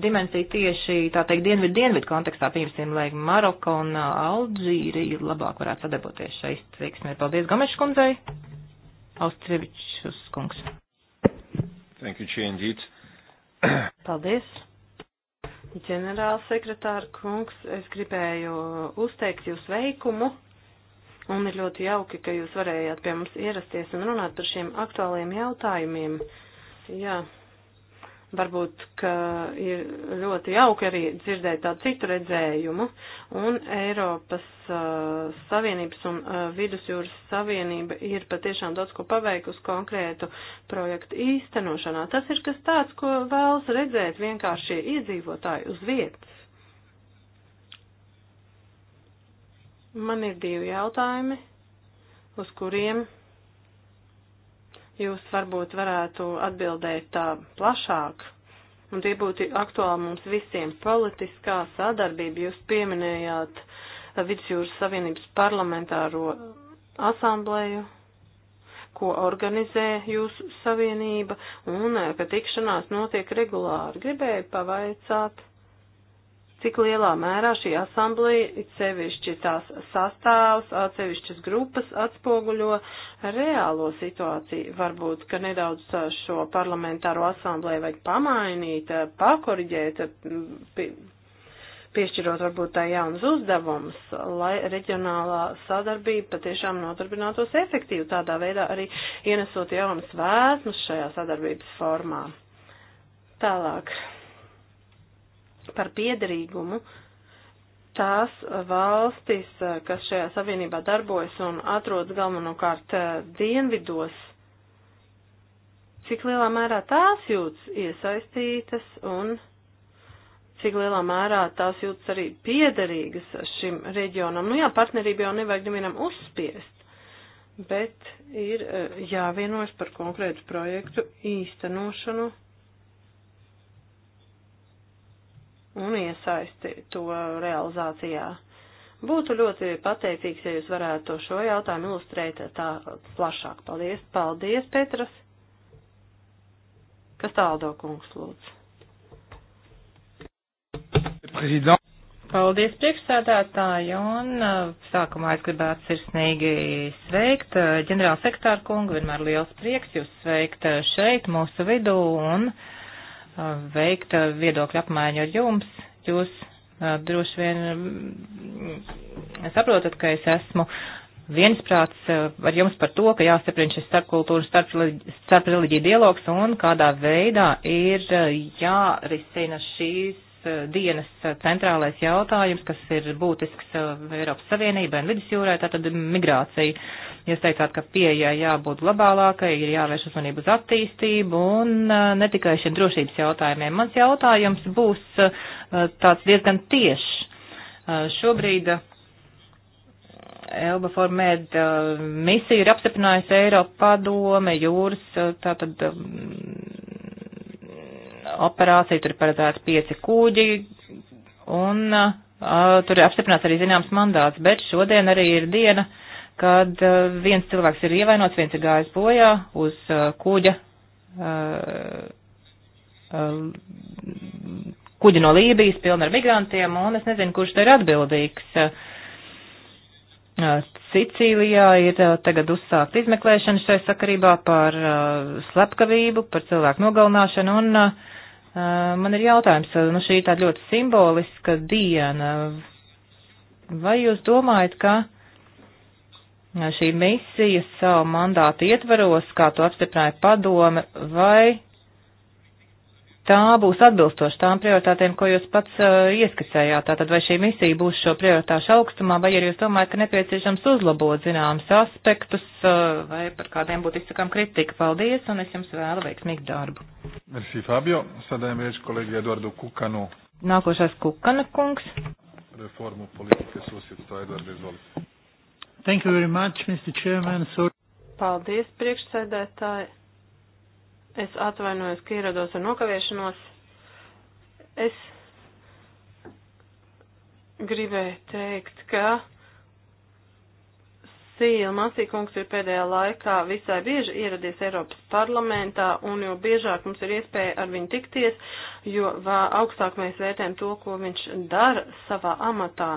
dimensiju tieši, tā teikt, dienvidu-dienvidu kontekstā, piemēram, lai Maroka un uh, Alģīrija labāk varētu sadarboties šai izteiksmē. Paldies Gomeša kundzei, Austrievičs kungs. Thank you, Čie, indeed. Paldies ģenerāls sekretāra kungs, es gribēju uzteikt jūs veikumu un ir ļoti jauki, ka jūs varējāt pie mums ierasties un runāt par šiem aktuāliem jautājumiem. Jā, Varbūt, ka ir ļoti jauki arī dzirdēt tādu citu redzējumu, un Eiropas uh, Savienības un uh, Vidusjūras Savienība ir patiešām daudz ko paveikusi konkrētu projektu īstenošanā. Tas ir kas tāds, ko vēlas redzēt vienkāršie iedzīvotāji uz vietas. Man ir divi jautājumi, uz kuriem Jūs varbūt varētu atbildēt tā uh, plašāk, un tie būtu aktuāli mums visiem politiskā sadarbība. Jūs pieminējāt uh, Vidusjūras Savienības parlamentāro asamblēju, ko organizē jūsu savienība, un uh, ka tikšanās notiek regulāri. Gribēju pavaicāt cik lielā mērā šī asambleja, sevišķi tās sastāvs, atsevišķas grupas atspoguļo reālo situāciju. Varbūt, ka nedaudz uh, šo parlamentāro asambleju vajag pamainīt, uh, pakoriģēt, uh, piešķirot varbūt tā jaunas uzdevumus, lai reģionālā sadarbība patiešām nodarbinātos efektīvi, tādā veidā arī ienesot jaunas vēsmas šajā sadarbības formā. Tālāk par piederīgumu tās valstis, eh, kas šajā savienībā darbojas un atrodas galvenokārt eh, dienvidos, cik lielā mērā tās jūtas iesaistītas un cik lielā mērā tās jūtas arī piederīgas šim reģionam. Nu jā, partnerību jau nevajag nevienam uzspiest, bet ir eh, jāvienojas par konkrētu projektu īstenošanu un iesaisti to realizācijā. Būtu ļoti pateicīgs, ja jūs varētu šo jautājumu ilustrēt tā plašāk. Paldies, paldies, Petras. Kas tāldo, kungs, lūdzu? Prezident. Paldies priekšsēdētāji un uh, sākumā es gribētu sirsnīgi sveikt uh, ģenerāla sektāru kungu. Vienmēr liels prieks jūs sveikt uh, šeit mūsu vidū un uh, Uh, veikt uh, viedokļu apmaiņu ar jums. Jūs uh, droši vien mm, saprotat, ka es esmu viensprāts ar jums par to, ka jāstiprina šis starpkultūras, starpreliģija starp dialogs un kādā veidā ir jārisina šīs Eh, dienas centrālais jautājums, kas ir būtisks eh, Eiropas Savienībai un vidusjūrai, tātad migrācija. Jūs teicāt, ka pieejai jābūt globālākai, ir jāvērš uzmanību uz attīstību un eh, ne tikai šiem drošības jautājumiem. Mans jautājums būs tāds diezgan tieši. Šobrīd Elba Formed misija ir apstiprinājusi Eiropa padome, jūras tātad mm, operāciju, tur ir paredzēts pieci kuģi, un uh, tur ir apstiprināts arī zināms mandāts, bet šodien arī ir diena, kad uh, viens cilvēks ir ievainots, viens ir gājis bojā uz uh, kuģa, uh, uh, kuģi no Lībijas pilna ar migrantiem, un es nezinu, kurš te ir atbildīgs. Uh, Sicīlijā ir tagad uzsākt izmeklēšana šai sakarībā par slepkavību, par cilvēku nogalināšanu, un man ir jautājums, nu šī tāda ļoti simboliska diena, vai jūs domājat, ka šī misija savu mandātu ietvaros, kā to apstiprināja padome, vai tā būs atbilstoša tām prioritātēm, ko jūs pats uh, ieskicējāt. Tātad vai šī misija būs šo prioritāšu augstumā, vai arī jūs domājat, ka nepieciešams uzlabot zināmas aspektus, uh, vai par kādiem būtu izsakām kritika. Paldies, un es jums vēlu veiksmīgu darbu. Merci, Fabio. Sadējam vieši kolēģi Eduardu Kukanu. Nākošais Kukana kungs. Reformu politikas uzsītstā Eduardu izvolīt. Thank you very much, Mr. Chairman. So... Paldies, priekšsēdētāji. Es atvainojos, ka ierados ar nokavēšanos. Es gribēju teikt, ka Sīla Masīkungs ir pēdējā laikā visai bieži ieradies Eiropas parlamentā un jo biežāk mums ir iespēja ar viņu tikties, jo augstāk mēs vērtējam to, ko viņš dara savā amatā.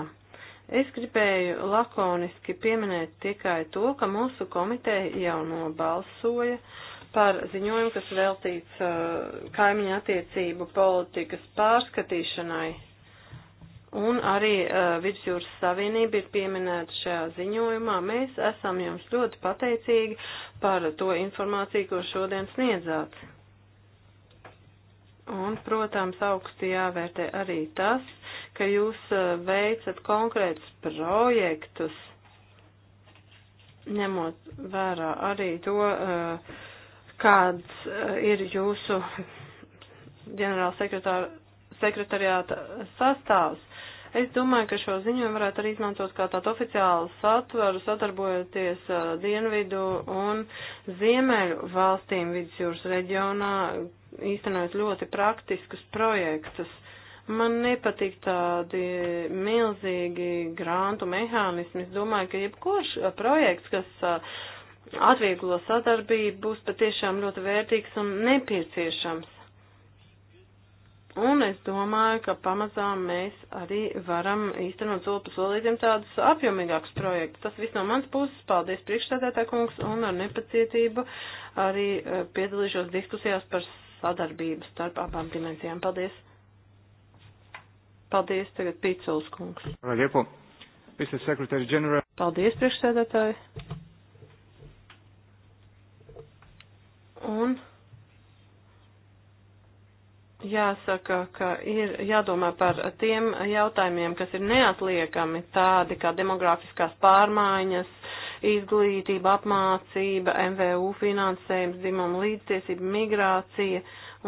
Es gribēju lakoniski pieminēt tikai to, ka mūsu komiteja jau nobalsoja uh, par ziņojumu, kas veltīts uh, kaimiņa attiecību politikas pārskatīšanai. Un arī uh, Vidusjūras Savienība ir pieminēta šajā ziņojumā. Mēs esam jums ļoti pateicīgi par to informāciju, ko šodien sniedzāt. Un, protams, augsti jāvērtē arī tas, ka jūs uh, veicat konkrētus projektus, ņemot vērā arī to, uh, kāds eh, ir jūsu ģenerāla sekretāra, sekretariāta sastāvs. Es domāju, ka šo ziņojumu varētu arī izmantot kā tādu oficiālu satvaru, sadarbojoties uh, dienvidu un ziemeļu valstīm vidusjūras reģionā, īstenojot ļoti praktiskus projektus. Man nepatīk tādi milzīgi grantu mehānismi. Es domāju, ka jebkurš eh, projekts, kas uh, atvieglo sadarbību būs patiešām ļoti vērtīgs un nepieciešams. Un es domāju, ka pamazām mēs arī varam īstenot soli pa solīdzim tādus apjomīgākus projektus. Tas viss no mans puses. Paldies priekšstādētā kungs un ar nepacietību arī eh, piedalīšos diskusijās par sadarbību starp abām dimensijām. Paldies! Paldies tagad Pīcols kungs. Paldies, priekšstādētāji! Un jāsaka, ka ir jādomā par tiem jautājumiem, kas ir neatliekami, tādi kā demografiskās pārmaiņas, izglītība, apmācība, MVU finansējums, dzimuma līdztiesība, migrācija.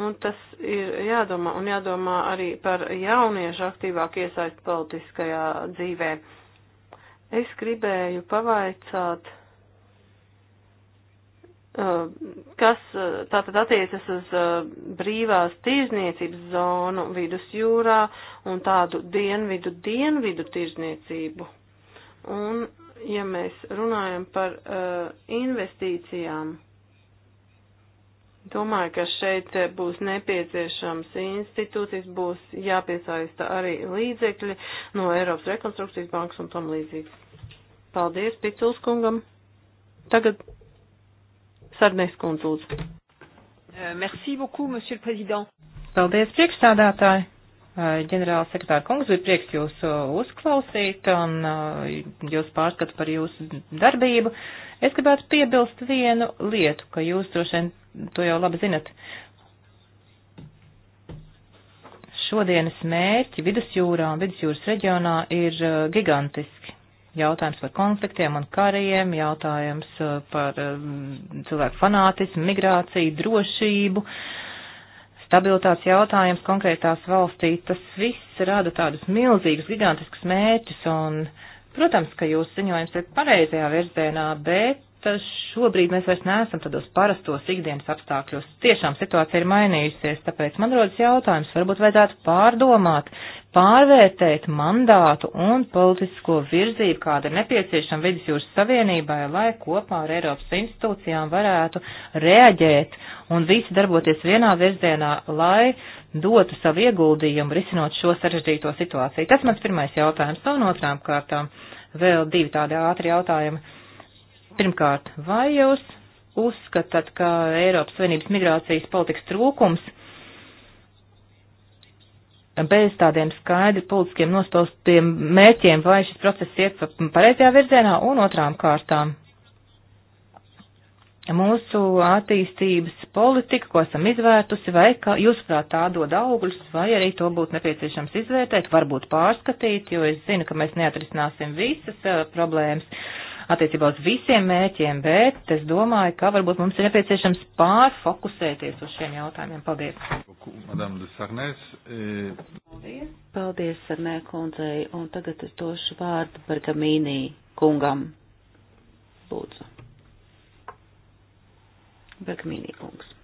Un tas ir jādomā, un jādomā arī par jauniešu aktīvāku iesaistu politiskajā dzīvē. Es gribēju pavaicāt Eh, kas eh, tātad attiecas uz eh, brīvās tirzniecības zonu vidusjūrā un tādu dienvidu dienvidu tirzniecību. Un, ja mēs runājam par uh, investīcijām, domāju, ka šeit būs nepieciešams institūcijas, būs jāpiesaista arī līdzekļi no Eiropas rekonstrukcijas bankas un tam līdzīgi. Paldies Piculskungam. Tagad Sarnēs kundze, lūdzu. Euh, merci beaucoup, monsieur le président. Paldies, priekšstādātāji. Ģenerāla sekretāra kungs, bija prieks jūs uzklausīt un jūs pārskatu par jūsu darbību. Es gribētu piebilst vienu lietu, ka jūs droši vien to jau labi zinat. Šodienas mērķi vidusjūrā un vidusjūras reģionā ir gigantiski jautājums par konfliktiem un kariem, jautājums uh, par um, cilvēku fanātismu, migrāciju, drošību, stabilitātes jautājums konkrētās valstī. Tas viss rada tādus milzīgus, gigantiskus mērķus un, protams, ka jūs ziņojums ir pareizajā virzienā, bet uh, šobrīd mēs vairs neesam tādos parastos ikdienas apstākļos. Tiešām situācija ir mainījusies, tāpēc man rodas jautājums, varbūt vajadzētu pārdomāt, pārvērtēt mandātu un politisko virzību, kāda ir nepieciešama Vidusjūras Savienībai, lai kopā ar Eiropas institūcijām varētu reaģēt un visi darboties vienā virzienā, lai dotu savu ieguldījumu risinot šo sarežģīto situāciju. Tas mans pirmais jautājums. Un otrām kārtām vēl divi tādi ātri jautājumi. Pirmkārt, vai jūs uzskatāt, ka Eiropas Savienības migrācijas politikas trūkums bez tādiem skaidri politiskiem nostaustiem mērķiem, vai šis process iet pareizajā virzienā un otrām kārtām. Mūsu attīstības politika, ko esam izvērtusi, vai ka, jūsuprāt, tā dod augļus, vai arī to būtu nepieciešams izvērtēt, varbūt pārskatīt, jo es zinu, ka mēs neatrisināsim visas uh, problēmas. Uh, attiecībā uz visiem mērķiem, bet es domāju, ka varbūt mums ir nepieciešams pārfokusēties uz šiem jautājumiem. Paldies! Paldies, eh, Paldies Sarnē kundzei, un tagad es došu vārdu Bergamīnī kungam. Lūdzu. Bergamīnī kungs.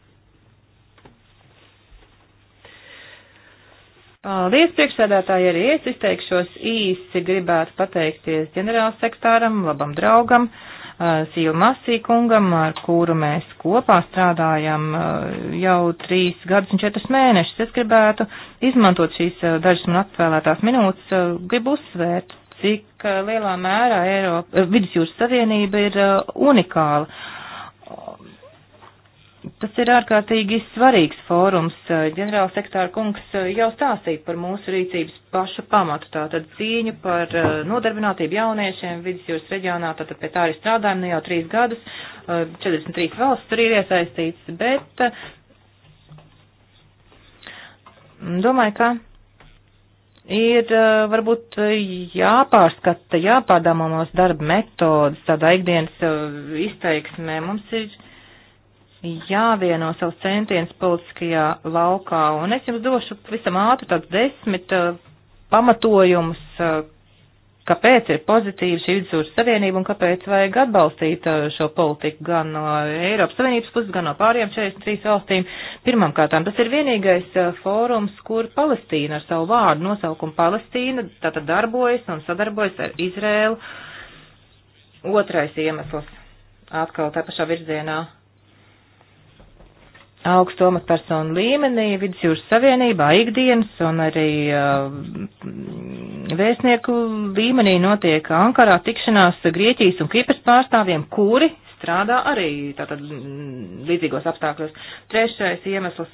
Paldies, priekšsēdētāji, arī es izteikšos īsi, gribētu pateikties ģenerālsektāram, labam draugam, uh, Sīlu Masī kungam, ar kuru mēs kopā strādājam uh, jau trīs gadus un četrus mēnešus. Es gribētu izmantot šīs uh, dažas man atvēlētās minūtes, gribu uzsvērt, cik lielā mērā Eiropa, Vidusjūras Savienība ir unikāla Tas ir ārkārtīgi svarīgs fórums. Ģenerālsektāra kungs eh, jau stāstīja par mūsu rīcības pašu pamatu, tātad cīņu par eh, nodarbinātību jauniešiem vidusjūras reģionā, tātad pie tā arī strādājam ne nu jau trīs gadus, 43 eh, valsts tur ir iesaistīts, bet domāju, ka ir varbūt jāpārskata, jāpārdomā mūsu darba metodas, tādā ikdienas izteiksmē. Mums ir jāvieno savus centienus politiskajā laukā, un es jums došu visam ātri tāds desmit uh, pamatojumus, uh, kāpēc ir pozitīva šī vidusjūras savienība un kāpēc vajag atbalstīt uh, šo politiku gan no Eiropas Savienības puses, gan no pārējām 43 valstīm. Pirmkārtām, tas ir vienīgais uh, fórums, kur Palestīna ar savu vārdu nosaukumu Palestīna tātad darbojas un sadarbojas ar Izrēlu. Otrais iemesls atkal tā pašā virzienā augstu amatpersonu līmenī, vidusjūras savienībā, ikdienas un arī uh, vēstnieku līmenī notiek Ankarā tikšanās Grieķijas un Kipras pārstāvjiem, kuri strādā arī tātad līdzīgos apstākļos. Trešais iemesls.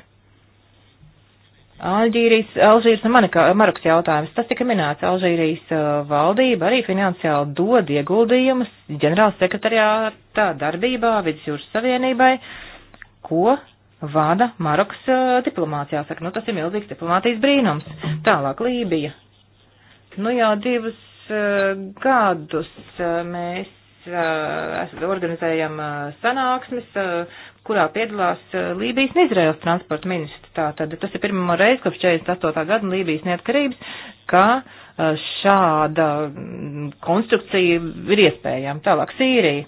Alžīrijas, Alžīras un Marokas jautājums. Tas tika minēts. Alžīrijas uh, valdība arī finansiāli dod ieguldījumus ģenerālsekretariātā darbībā Vidusjūras Savienībai, ko vada Marokas diplomācijā. Saka, nu tas ir milzīgs diplomātijas brīnums. Tālāk Lībija. Nu jau divus gadus mēs organizējam sanāksmes, kurā piedalās Lībijas un Izraels transporta ministri. Tātad tas ir pirmo reizi kopš 48. gada Lībijas neatkarības, ka šāda konstrukcija ir iespējama. Tālāk Sīrija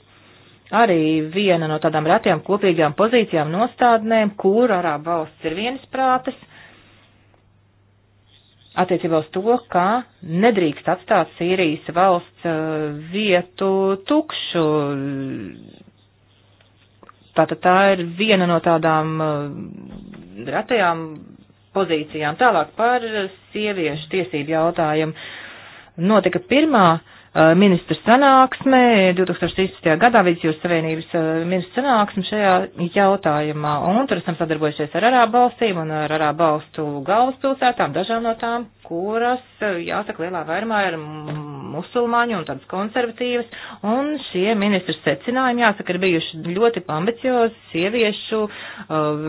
arī viena no tādām retiem kopīgām pozīcijām nostādnēm, kur arāba valsts ir vienisprātes attiecībā uz to, ka nedrīkst atstāt Sīrijas valsts uh, vietu tukšu. Tātad tā ir viena no tādām uh, retajām pozīcijām. Tālāk par sieviešu tiesību jautājumu. Notika pirmā uh, Uh, ministru sanāksme 2013. gadā Vidusjūras Savienības uh, ministru sanāksme šajā jautājumā. Un tur esam sadarbojušies ar arābu valstīm un ar arābu valstu galvaspilsētām, dažām no tām, kuras, uh, jāsaka, lielā vairumā ir musulmaņi un tādas konservatīvas. Un šie ministru secinājumi, jāsaka, ir bijuši ļoti ambiciozi sieviešu uh,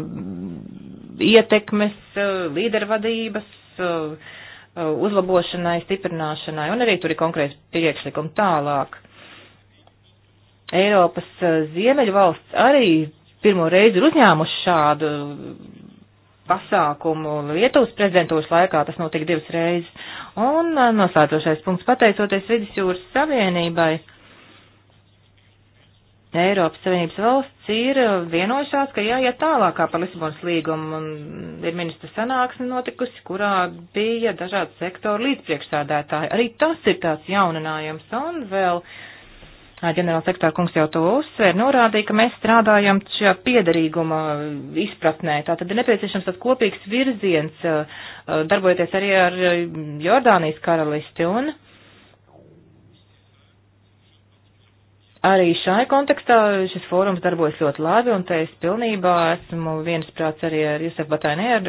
ietekmes, uh, līdervadības. Uh, Uh, uzlabošanai, stiprināšanai, un arī tur ir konkrēts priekšlikums tālāk. Eiropas uh, ziemeļu valsts arī pirmo reizi ir uzņēmuši šādu pasākumu Lietuvas prezidentūras laikā, tas notika divas reizes. Un uh, noslēdzošais punkts, pateicoties Vidusjūras Savienībai, uh, Eiropas Savienības valsts ir uh, vienojušās, ka jāiet tālākā par Lisabonas līgumu, un mm, ir ministra sanāksme notikusi, kurā bija dažādi sektori līdzpriekšsādētāji. Arī tas ir tāds jauninājums, un vēl ģenerāla sektora kungs jau to uzsver, norādīja, ka mēs strādājam šajā piederīguma izpratnē, tā tad ir nepieciešams tāds kopīgs virziens, darbojoties arī ar Jordānijas karalisti, un Arī šai kontekstā šis fórums darbojas ļoti labi, un te es pilnībā esmu viensprāts arī ar Jusef Batainē, ar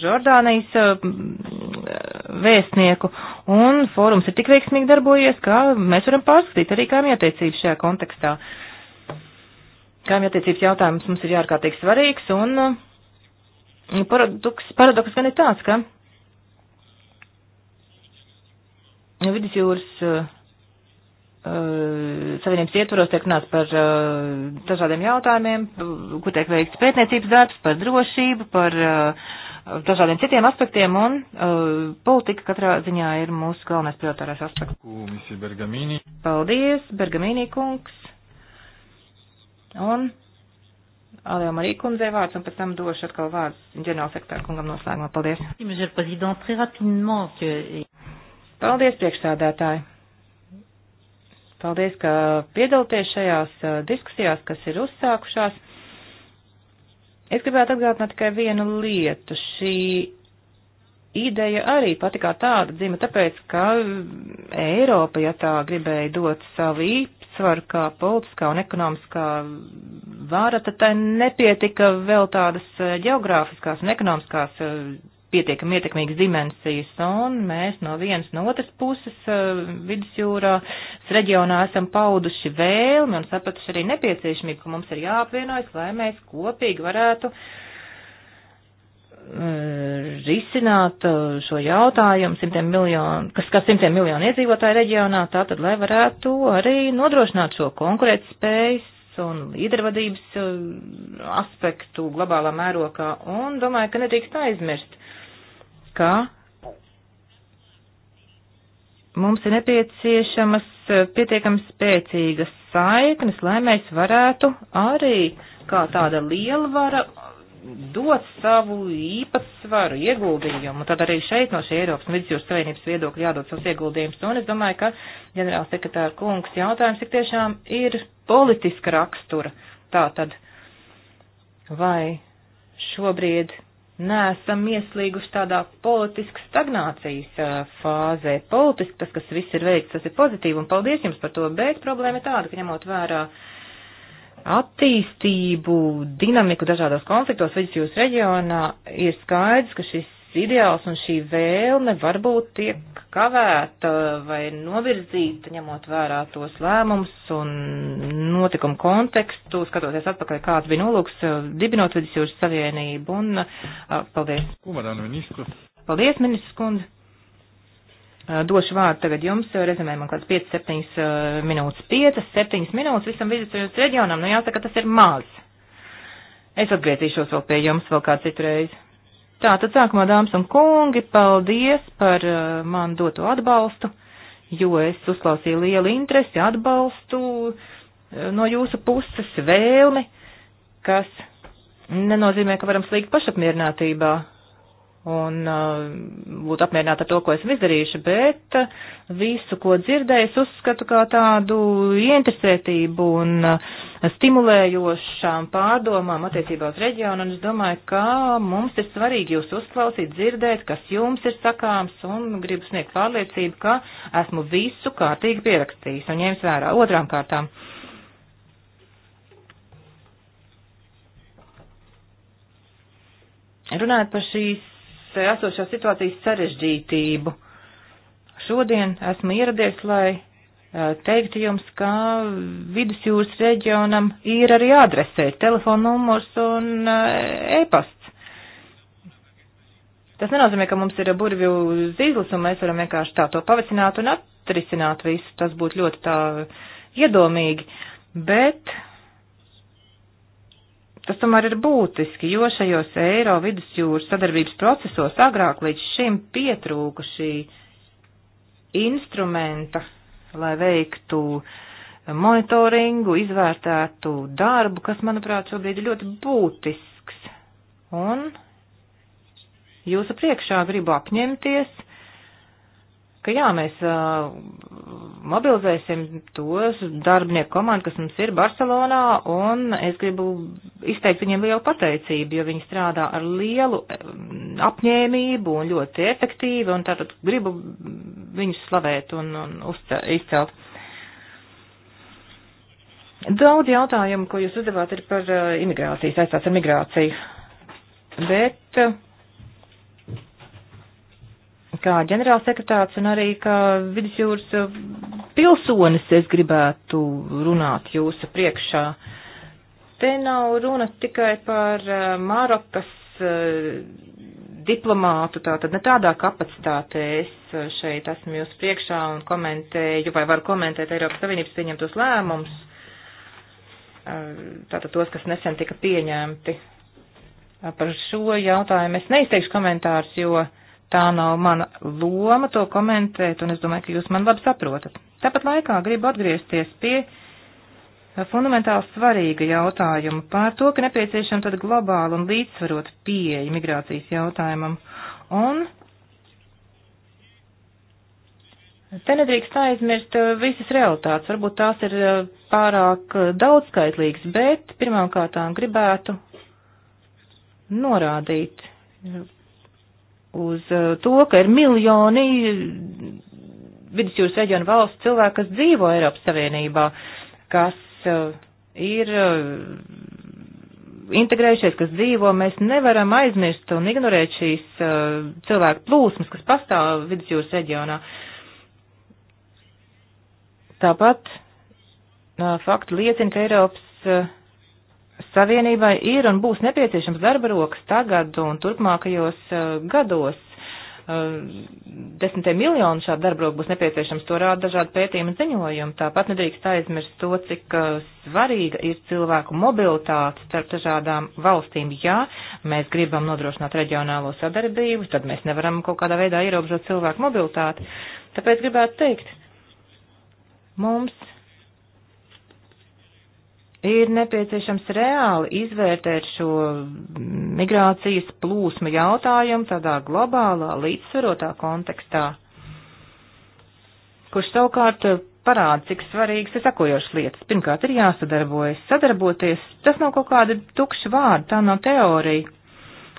Žordānijas mm, mm, vēstnieku, un fórums ir tik veiksmīgi darbojies, ka mēs varam pārskatīt arī kāmjatiecības šajā kontekstā. Kāmjatiecības jautājums mums ir ārkārtīgi svarīgs, un mm, paradoks, paradoks gan ir tāds, ka vidusjūras Eh, savienības ietvaros tiek runāts par eh, dažādiem jautājumiem, kur tiek veikts pētniecības darbs, par drošību, par eh, dažādiem citiem aspektiem, un politika katrā ziņā ir mūsu galvenais prioritārais aspekts. Paldies, Bergamīnī kungs. Un Alēja Marija kundzei vārds, un pēc tam došu atkal vārds ģenerālsektāra kungam noslēgumā. Paldies. Paldies, priekšsādātāji. Paldies, ka piedalāties šajās diskusijās, kas ir uzsākušās. Es gribētu atgādināt tikai vienu lietu. Šī ideja arī patikā tāda dzima, tāpēc, ka Eiropa, ja tā gribēja dot savu īpatsvaru kā politiskā un ekonomiskā vāra, tad tai nepietika vēl tādas geogrāfiskās un ekonomiskās pietiekami ietekmīgas dimensijas, un mēs no vienas no otras puses uh, vidusjūras reģionā esam pauduši vēlmi un sapratuši arī nepieciešamību, ka mums ir jāapvienojas, lai mēs kopīgi varētu uh, risināt uh, šo jautājumu simtiem miljonu, kas kā simtiem miljonu iedzīvotāju reģionā, tātad, lai varētu arī nodrošināt šo konkurētspējas un līdervadības aspektu globālā mērokā, un domāju, ka nedrīkst aizmirst ka mums ir nepieciešamas eh, pietiekami spēcīgas saiknes, lai mēs varētu arī kā tāda lielvara dot savu īpatsvaru ieguldījumu. Tad arī šeit no šī Eiropas vidusjūras savienības viedokļa jādod savus ieguldījumus. Un es domāju, ka ģenerālsekretāra kungs jautājums tik tiešām ir politiska rakstura. Tā tad vai šobrīd neesam ieslīguši tādā politiska stagnācijas uh, fāzē. Politiski tas, kas viss ir veikts, tas ir pozitīvi un paldies jums par to, bet problēma ir tāda, ka ņemot vērā attīstību, dinamiku dažādos konfliktos vidus jūsu reģionā, ir skaidrs, ka šis ideāls un šī vēlme varbūt tiek kavēta vai novirzīta, ņemot vērā tos lēmumus un notikumu kontekstu, skatoties atpakaļ, kāds bija nolūks eh, dibinot Vidusjūras Savienību. Un, eh, paldies. Paldies, ministrs kundze. Eh, došu vārdu tagad jums, rezumējam, kāds 5-7 minūtes. 5-7 minūtes visam vidusjūras reģionam, nu jāsaka, tas ir maz. Es atgriezīšos vēl pie jums vēl kādu citu reizi. Tā, tad sākumā, dāmas un kungi, paldies par uh, man doto atbalstu, jo es uzklausīju lielu interesi, atbalstu uh, no jūsu puses vēlmi, kas nenozīmē, ka varam slīgt pašapmierinātībā un uh, būtu apmierināta ar to, ko esmu izdarījuši, bet uh, visu, ko dzirdēju, es uzskatu kā tādu ieinteresētību un uh, stimulējošām pārdomām attiecībā uz reģionu, un es domāju, ka mums ir svarīgi jūs uzklausīt, dzirdēt, kas jums ir sakāms, un gribu sniegt pārliecību, ka esmu visu kārtīgi pierakstījis un ņēmis vērā otrām kārtām. Runājot par šīs esošā situācijas sarežģītību. Šodien esmu ieradies, lai e, teiktu jums, ka vidusjūras reģionam ir arī adresē, telefona numurs un e, e-pasts. Tas nenozīmē, ka mums ir burvju zīles un mēs varam vienkārši tā to pavicināt un atrisināt visu. Tas būtu ļoti tā iedomīgi. Bet Tas tomēr ir būtiski, jo šajos Eiro vidusjūras sadarbības procesos agrāk līdz šim pietrūka šī instrumenta, lai veiktu monitoringu, izvērtētu darbu, kas, manuprāt, šobrīd ir ļoti būtisks. Un jūsu priekšā gribu apņemties ka jā, mēs uh, mobilizēsim tos darbinieku komandu, kas mums ir Barcelonā, un es gribu izteikt viņiem lielu pateicību, jo viņi strādā ar lielu apņēmību un ļoti efektīvi, un tātad gribu viņus slavēt un, un uzce, izcelt. Daudz jautājumu, ko jūs uzdevāt, ir par uh, imigrācijas, aizstāts ar migrāciju. Bet uh, kā ģenerālsekretārs un arī kā vidusjūras pilsonis es gribētu runāt jūsu priekšā. Te nav runa tikai par eh, Marokas eh, diplomātu, tātad ne tādā kapacitātē es eh, šeit esmu jūs priekšā un komentēju vai varu komentēt Eiropas Savienības pieņemtos lēmumus, tātad tos, kas nesen tika pieņemti. Par šo jautājumu es neizteikšu komentārus, jo uh, tā nav mana loma to komentēt, un es domāju, ka jūs man labi saprotat. Tāpat laikā gribu atgriezties pie fundamentāli svarīga jautājuma par to, ka nepieciešama tad globāla un līdzsvarot pieeja migrācijas jautājumam. Un te nedrīkst aizmirst eh, visas realitātes, varbūt tās ir eh, pārāk eh, daudzskaitlīgas, bet pirmkārtām gribētu norādīt uz eh, to, ka ir miljoni vidusjūras reģionu valsts cilvēku, kas dzīvo Eiropas Savienībā, kas eh, ir eh, integrējušies, kas dzīvo, mēs nevaram aizmirst un ignorēt šīs cilvēku plūsmas, kas pastāv vidusjūras reģionā. Tāpat fakti liecina, ka Eiropas Savienībai ir un būs nepieciešams darba rokas tagad un turpmākajos eh, gados. Eh, Desmitiem miljonu šādu darba roku būs nepieciešams, to rāda dažādi pētījumi ziņojumi. Tāpat nedrīkst aizmirst to, cik eh, svarīga ir cilvēku mobilitāte starp dažādām valstīm. Ja mēs gribam nodrošināt reģionālo sadarbību, tad mēs nevaram kaut kādā veidā ierobežot cilvēku mobilitāti. Tāpēc gribētu teikt, mums Ir nepieciešams reāli izvērtēt šo migrācijas plūsmu jautājumu tādā globālā, līdzsvarotā kontekstā, kurš savukārt parāda, cik svarīgas ir sakojošas lietas. Pirmkārt, ir jāsadarbojas, sadarboties. Tas nav kaut kāda tukša vārda, tā nav teorija.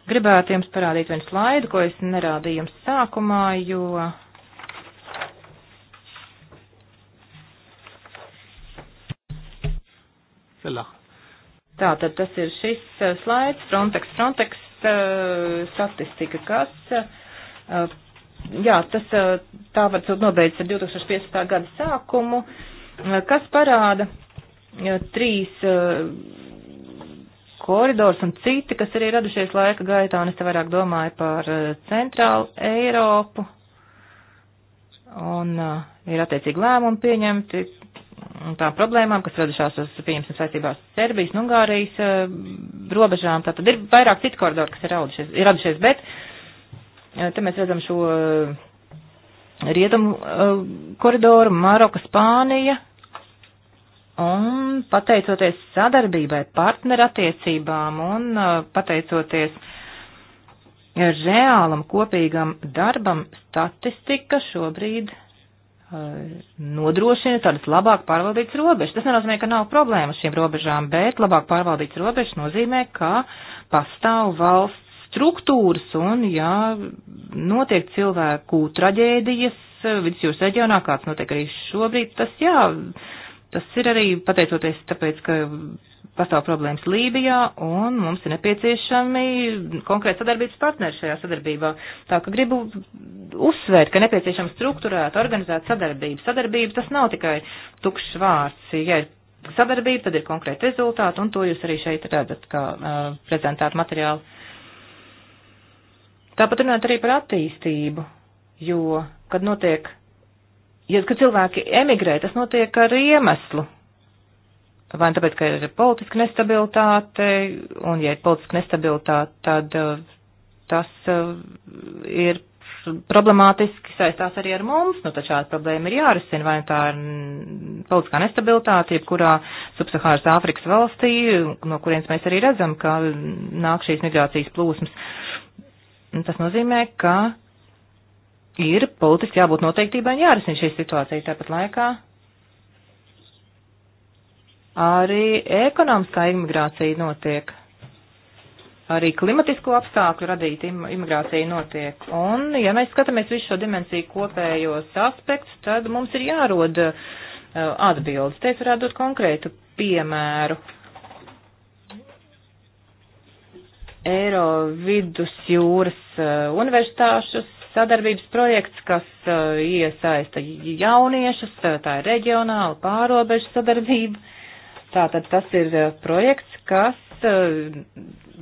Gribētu jums parādīt vienu slaidu, ko es nerādīju jums sākumā, jo Stella. Tātad tas ir šis uh, slaids, Frontex, Frontex uh, statistika, kas, uh, jā, tas tā var būt nobeigts ar 2015. gada sākumu, kas parāda trīs koridors un citi, kas arī radušies laika gaitā, un es te vairāk domāju par centrālu Eiropu, un ir attiecīgi lēmumi pieņemti, tām problēmām, kas radušās uz, pieņemsim, saistībā ar Serbijas un Ungārijas uh, robežām. Tātad ir vairāk citu koridoru, kas ir radušies, ir radušies bet uh, te mēs redzam šo uh, rietumu uh, koridoru, Maroka, Spānija. Un pateicoties sadarbībai, partnerattiecībām un uh, pateicoties uh, reālam kopīgam darbam statistika šobrīd Uh, nodrošina tādas labāk pārvaldītas robežas. Tas nenozīmē, ka nav problēmas šīm robežām, bet labāk pārvaldītas robežas nozīmē, ka pastāv valsts struktūras un, ja notiek cilvēku traģēdijas uh, vidusjūras reģionā, kāds notiek arī šobrīd, tas jā, tas ir arī pateicoties tāpēc, ka pastāv problēmas Lībijā, un mums ir nepieciešami konkrēti sadarbības partneri šajā sadarbībā. Tā ka gribu uzsvērt, ka nepieciešama struktūrēta, organizēta sadarbība. Sadarbība tas nav tikai tukšs vārds. Ja ir sadarbība, tad ir konkrēti rezultāti, un to jūs arī šeit redzat, kā uh, prezentētu materiālu. Tāpat runāt arī par attīstību, jo, kad notiek, ja, kad cilvēki emigrē, tas notiek ar iemeslu, Vai nu tāpēc, ka ir politiska nestabilitāte, un ja ir politiska nestabilitāte, tad eh, tas eh, ir problemātiski saistās arī ar mums, nu taču šāda problēma ir jārisina, vai nu tā ir politiskā nestabilitāte, jebkurā subsahāras Āfrikas valstī, no kurienes mēs arī redzam, ka nāk šīs migrācijas plūsmas. Nu, tas nozīmē, ka ir politiski jābūt noteiktībai un jārisina šī situācija tāpat laikā arī ekonomiskā imigrācija notiek. Arī klimatisko apstākļu radīta im imigrācija notiek. Un, ja mēs skatāmies visu šo dimensiju kopējos aspektus, tad mums ir jārod uh, atbildes. Te es varētu dot konkrētu piemēru. Eiro vidusjūras uh, universitāšus sadarbības projekts, kas uh, iesaista jauniešus, tā ir reģionāla pārobežu sadarbība Tātad tas ir eh, projekts, kas eh,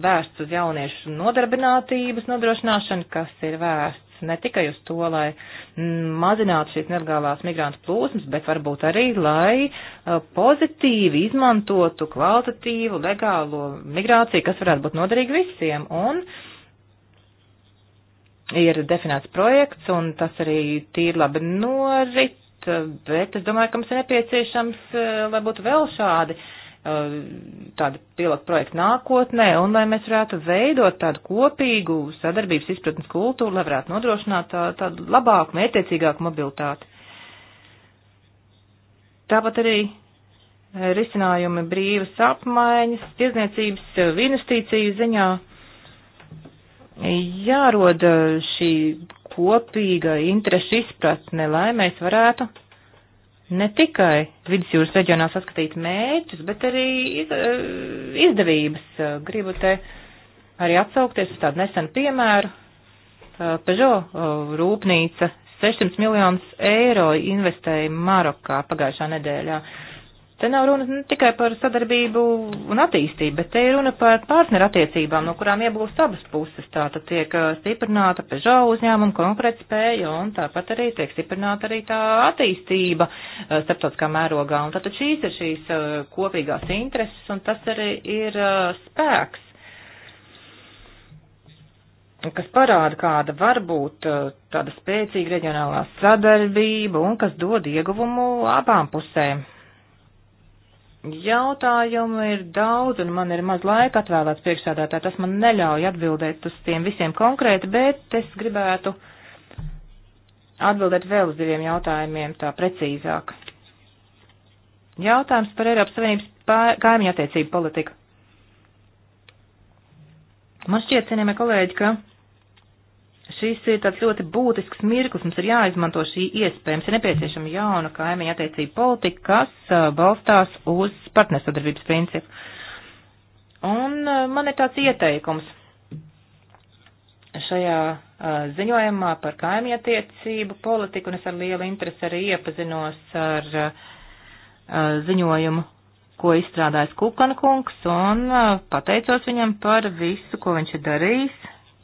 vērsts uz jauniešu nodarbinātības nodrošināšanu, kas ir vērsts ne tikai uz to, lai mm, mazinātu šīs nelegālās migrantu plūsmas, bet varbūt arī, lai eh, pozitīvi izmantotu kvalitatīvu legālo migrāciju, kas varētu būt noderīga visiem. Un ir definēts projekts, un tas arī tīri labi norit Eh, bet es domāju, ka mums ir nepieciešams, eh, lai būtu vēl šādi eh, tādi pilotu projekti nākotnē, un lai mēs varētu veidot tādu kopīgu sadarbības izpratnes kultūru, lai varētu nodrošināt tā, tādu labāku, mērķiecīgāku mobilitāti. Tāpat arī risinājumi brīvas apmaiņas, tirdzniecības, investīciju ziņā jārod šī kopīga interešu izpratne, lai mēs varētu ne tikai vidusjūras reģionā saskatīt mērķus, bet arī iz, e, izdevības. E, gribu te arī atsaukties uz tādu nesenu piemēru. E, Peugeot rūpnīca 600 miljonus eiro investēja Marokā pagājušā nedēļā. Uh, Te nav runa ne tikai par sadarbību un attīstību, bet te ir runa par partnerattiecībām, no kurām iegūst abas puses. Tātad tiek stiprināta pežā uzņēmuma konkurētspēja un tāpat arī tiek stiprināta arī tā attīstība starptautiskā mērogā. Un tātad šīs ir šīs kopīgās intereses un tas arī ir spēks, kas parāda, kāda var būt tāda spēcīga reģionālā sadarbība un kas dod ieguvumu abām pusēm. Jautājumu ir daudz, un man ir maz laika atvēlēts priekšsādātā. Tas man neļauj atbildēt uz tiem visiem konkrēti, bet es gribētu atbildēt vēl uz diviem jautājumiem tā precīzāk. Jautājums par Eiropas Savienības kaimiņu attiecību politiku. Man šķiet, cienījamie kolēģi, ka Šis ir tāds ļoti būtisks mirklis, mums ir jāizmanto šī iespēja, mums ir nepieciešama jauna kaimiņa attiecība politika, kas uh, balstās uz partnersadarbības principu. Un uh, man ir tāds ieteikums šajā uh, ziņojumā par kaimiņattiecību politiku, un es ar lielu interesi arī iepazinos ar ziņojumu, ko izstrādājis Kukana kungs, un pateicos viņam par visu, ko viņš ir darījis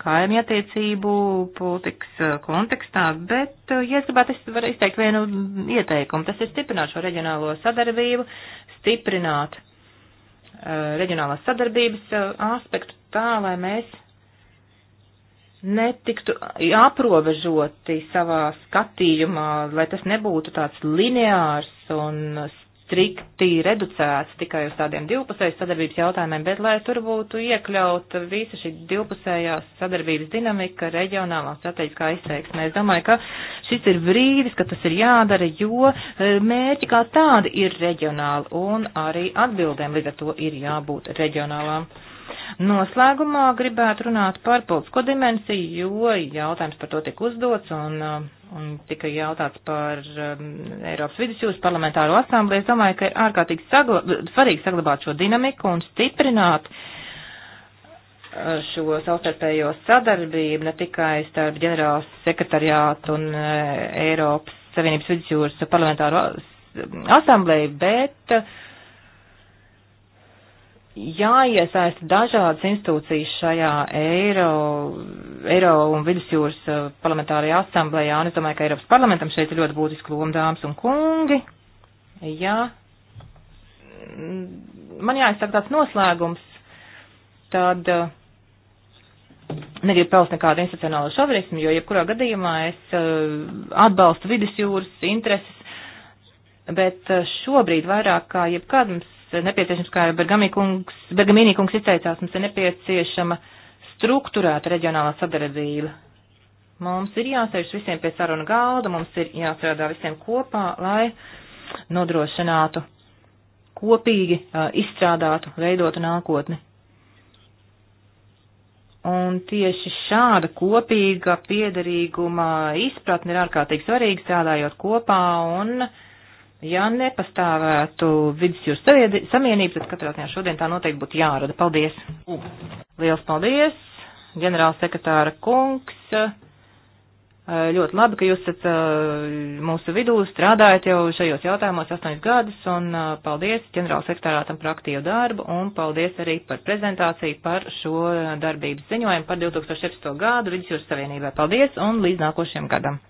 kaimietiecību politikas eh, kontekstā, bet, eh, ja es gribētu, es varu izteikt vienu ieteikumu. Tas ir stiprināt šo reģionālo sadarbību, stiprināt uh, reģionālās sadarbības uh, aspektu tā, lai mēs netiktu aprobežoti savā skatījumā, lai tas nebūtu tāds lineārs un strikti reducēts tikai uz tādiem divpusējas sadarbības jautājumiem, bet lai tur būtu iekļauta visa šī divpusējās sadarbības dinamika reģionālā strateģiskā izteiksmē. Es domāju, ka šis ir brīdis, ka tas ir jādara, jo e, mērķi kā tādi ir reģionāli un arī atbildēm līdz ar to ir jābūt reģionālām. Noslēgumā gribētu runāt par politisko dimensiju, jo jautājums par to tika uzdots un, uh, un tika jautāts par um, Eiropas vidusjūras parlamentāro asamblē. Es domāju, ka ir ārkārtīgi sagla svarīgi saglabāt šo dinamiku un stiprināt uh, šo savstarpējo sadarbību ne tikai starp ģenerāls sekretariātu un uh, Eiropas Savienības vidusjūras parlamentāro asamblēju, bet uh, jāiesaista dažādas institūcijas šajā Eiro, Eiro un Vidusjūras uh, parlamentārajā asamblējā, un es domāju, ka Eiropas parlamentam šeit ir ļoti būtiski loma dāmas un kungi. Jā. Man jāizsaka tāds noslēgums, tad uh, negribu pelst nekādu institucionālu šovinismu, jo jebkurā gadījumā es uh, atbalstu Vidusjūras intereses, bet šobrīd vairāk kā jebkad mums nepieciešams, kā kungs, Bergamīnī kungs izteicās, mums ir nepieciešama struktūrēta reģionālā sadarbība. Mums ir jāsēž visiem pie saruna galda, mums ir jāstrādā visiem kopā, lai nodrošinātu kopīgi izstrādātu, veidotu nākotni. Un tieši šāda kopīga piederīguma izpratne ir ārkārtīgi svarīga strādājot kopā un uh, Ja nepastāvētu vidusjūras samienība, tad katrā ziņā šodien tā noteikti būtu jārada. Paldies! Liels paldies! Ģenerālsekretāra kungs! Ļoti labi, ka jūs esat mūsu vidū, strādājat jau šajos jautājumos astoņus gadus, un paldies ģenerālsekretārātam par aktīvu darbu, un paldies arī par prezentāciju par šo darbības ziņojumu par 2017. gadu Vidusjūras Savienībai. Paldies, un līdz nākošajam gadam!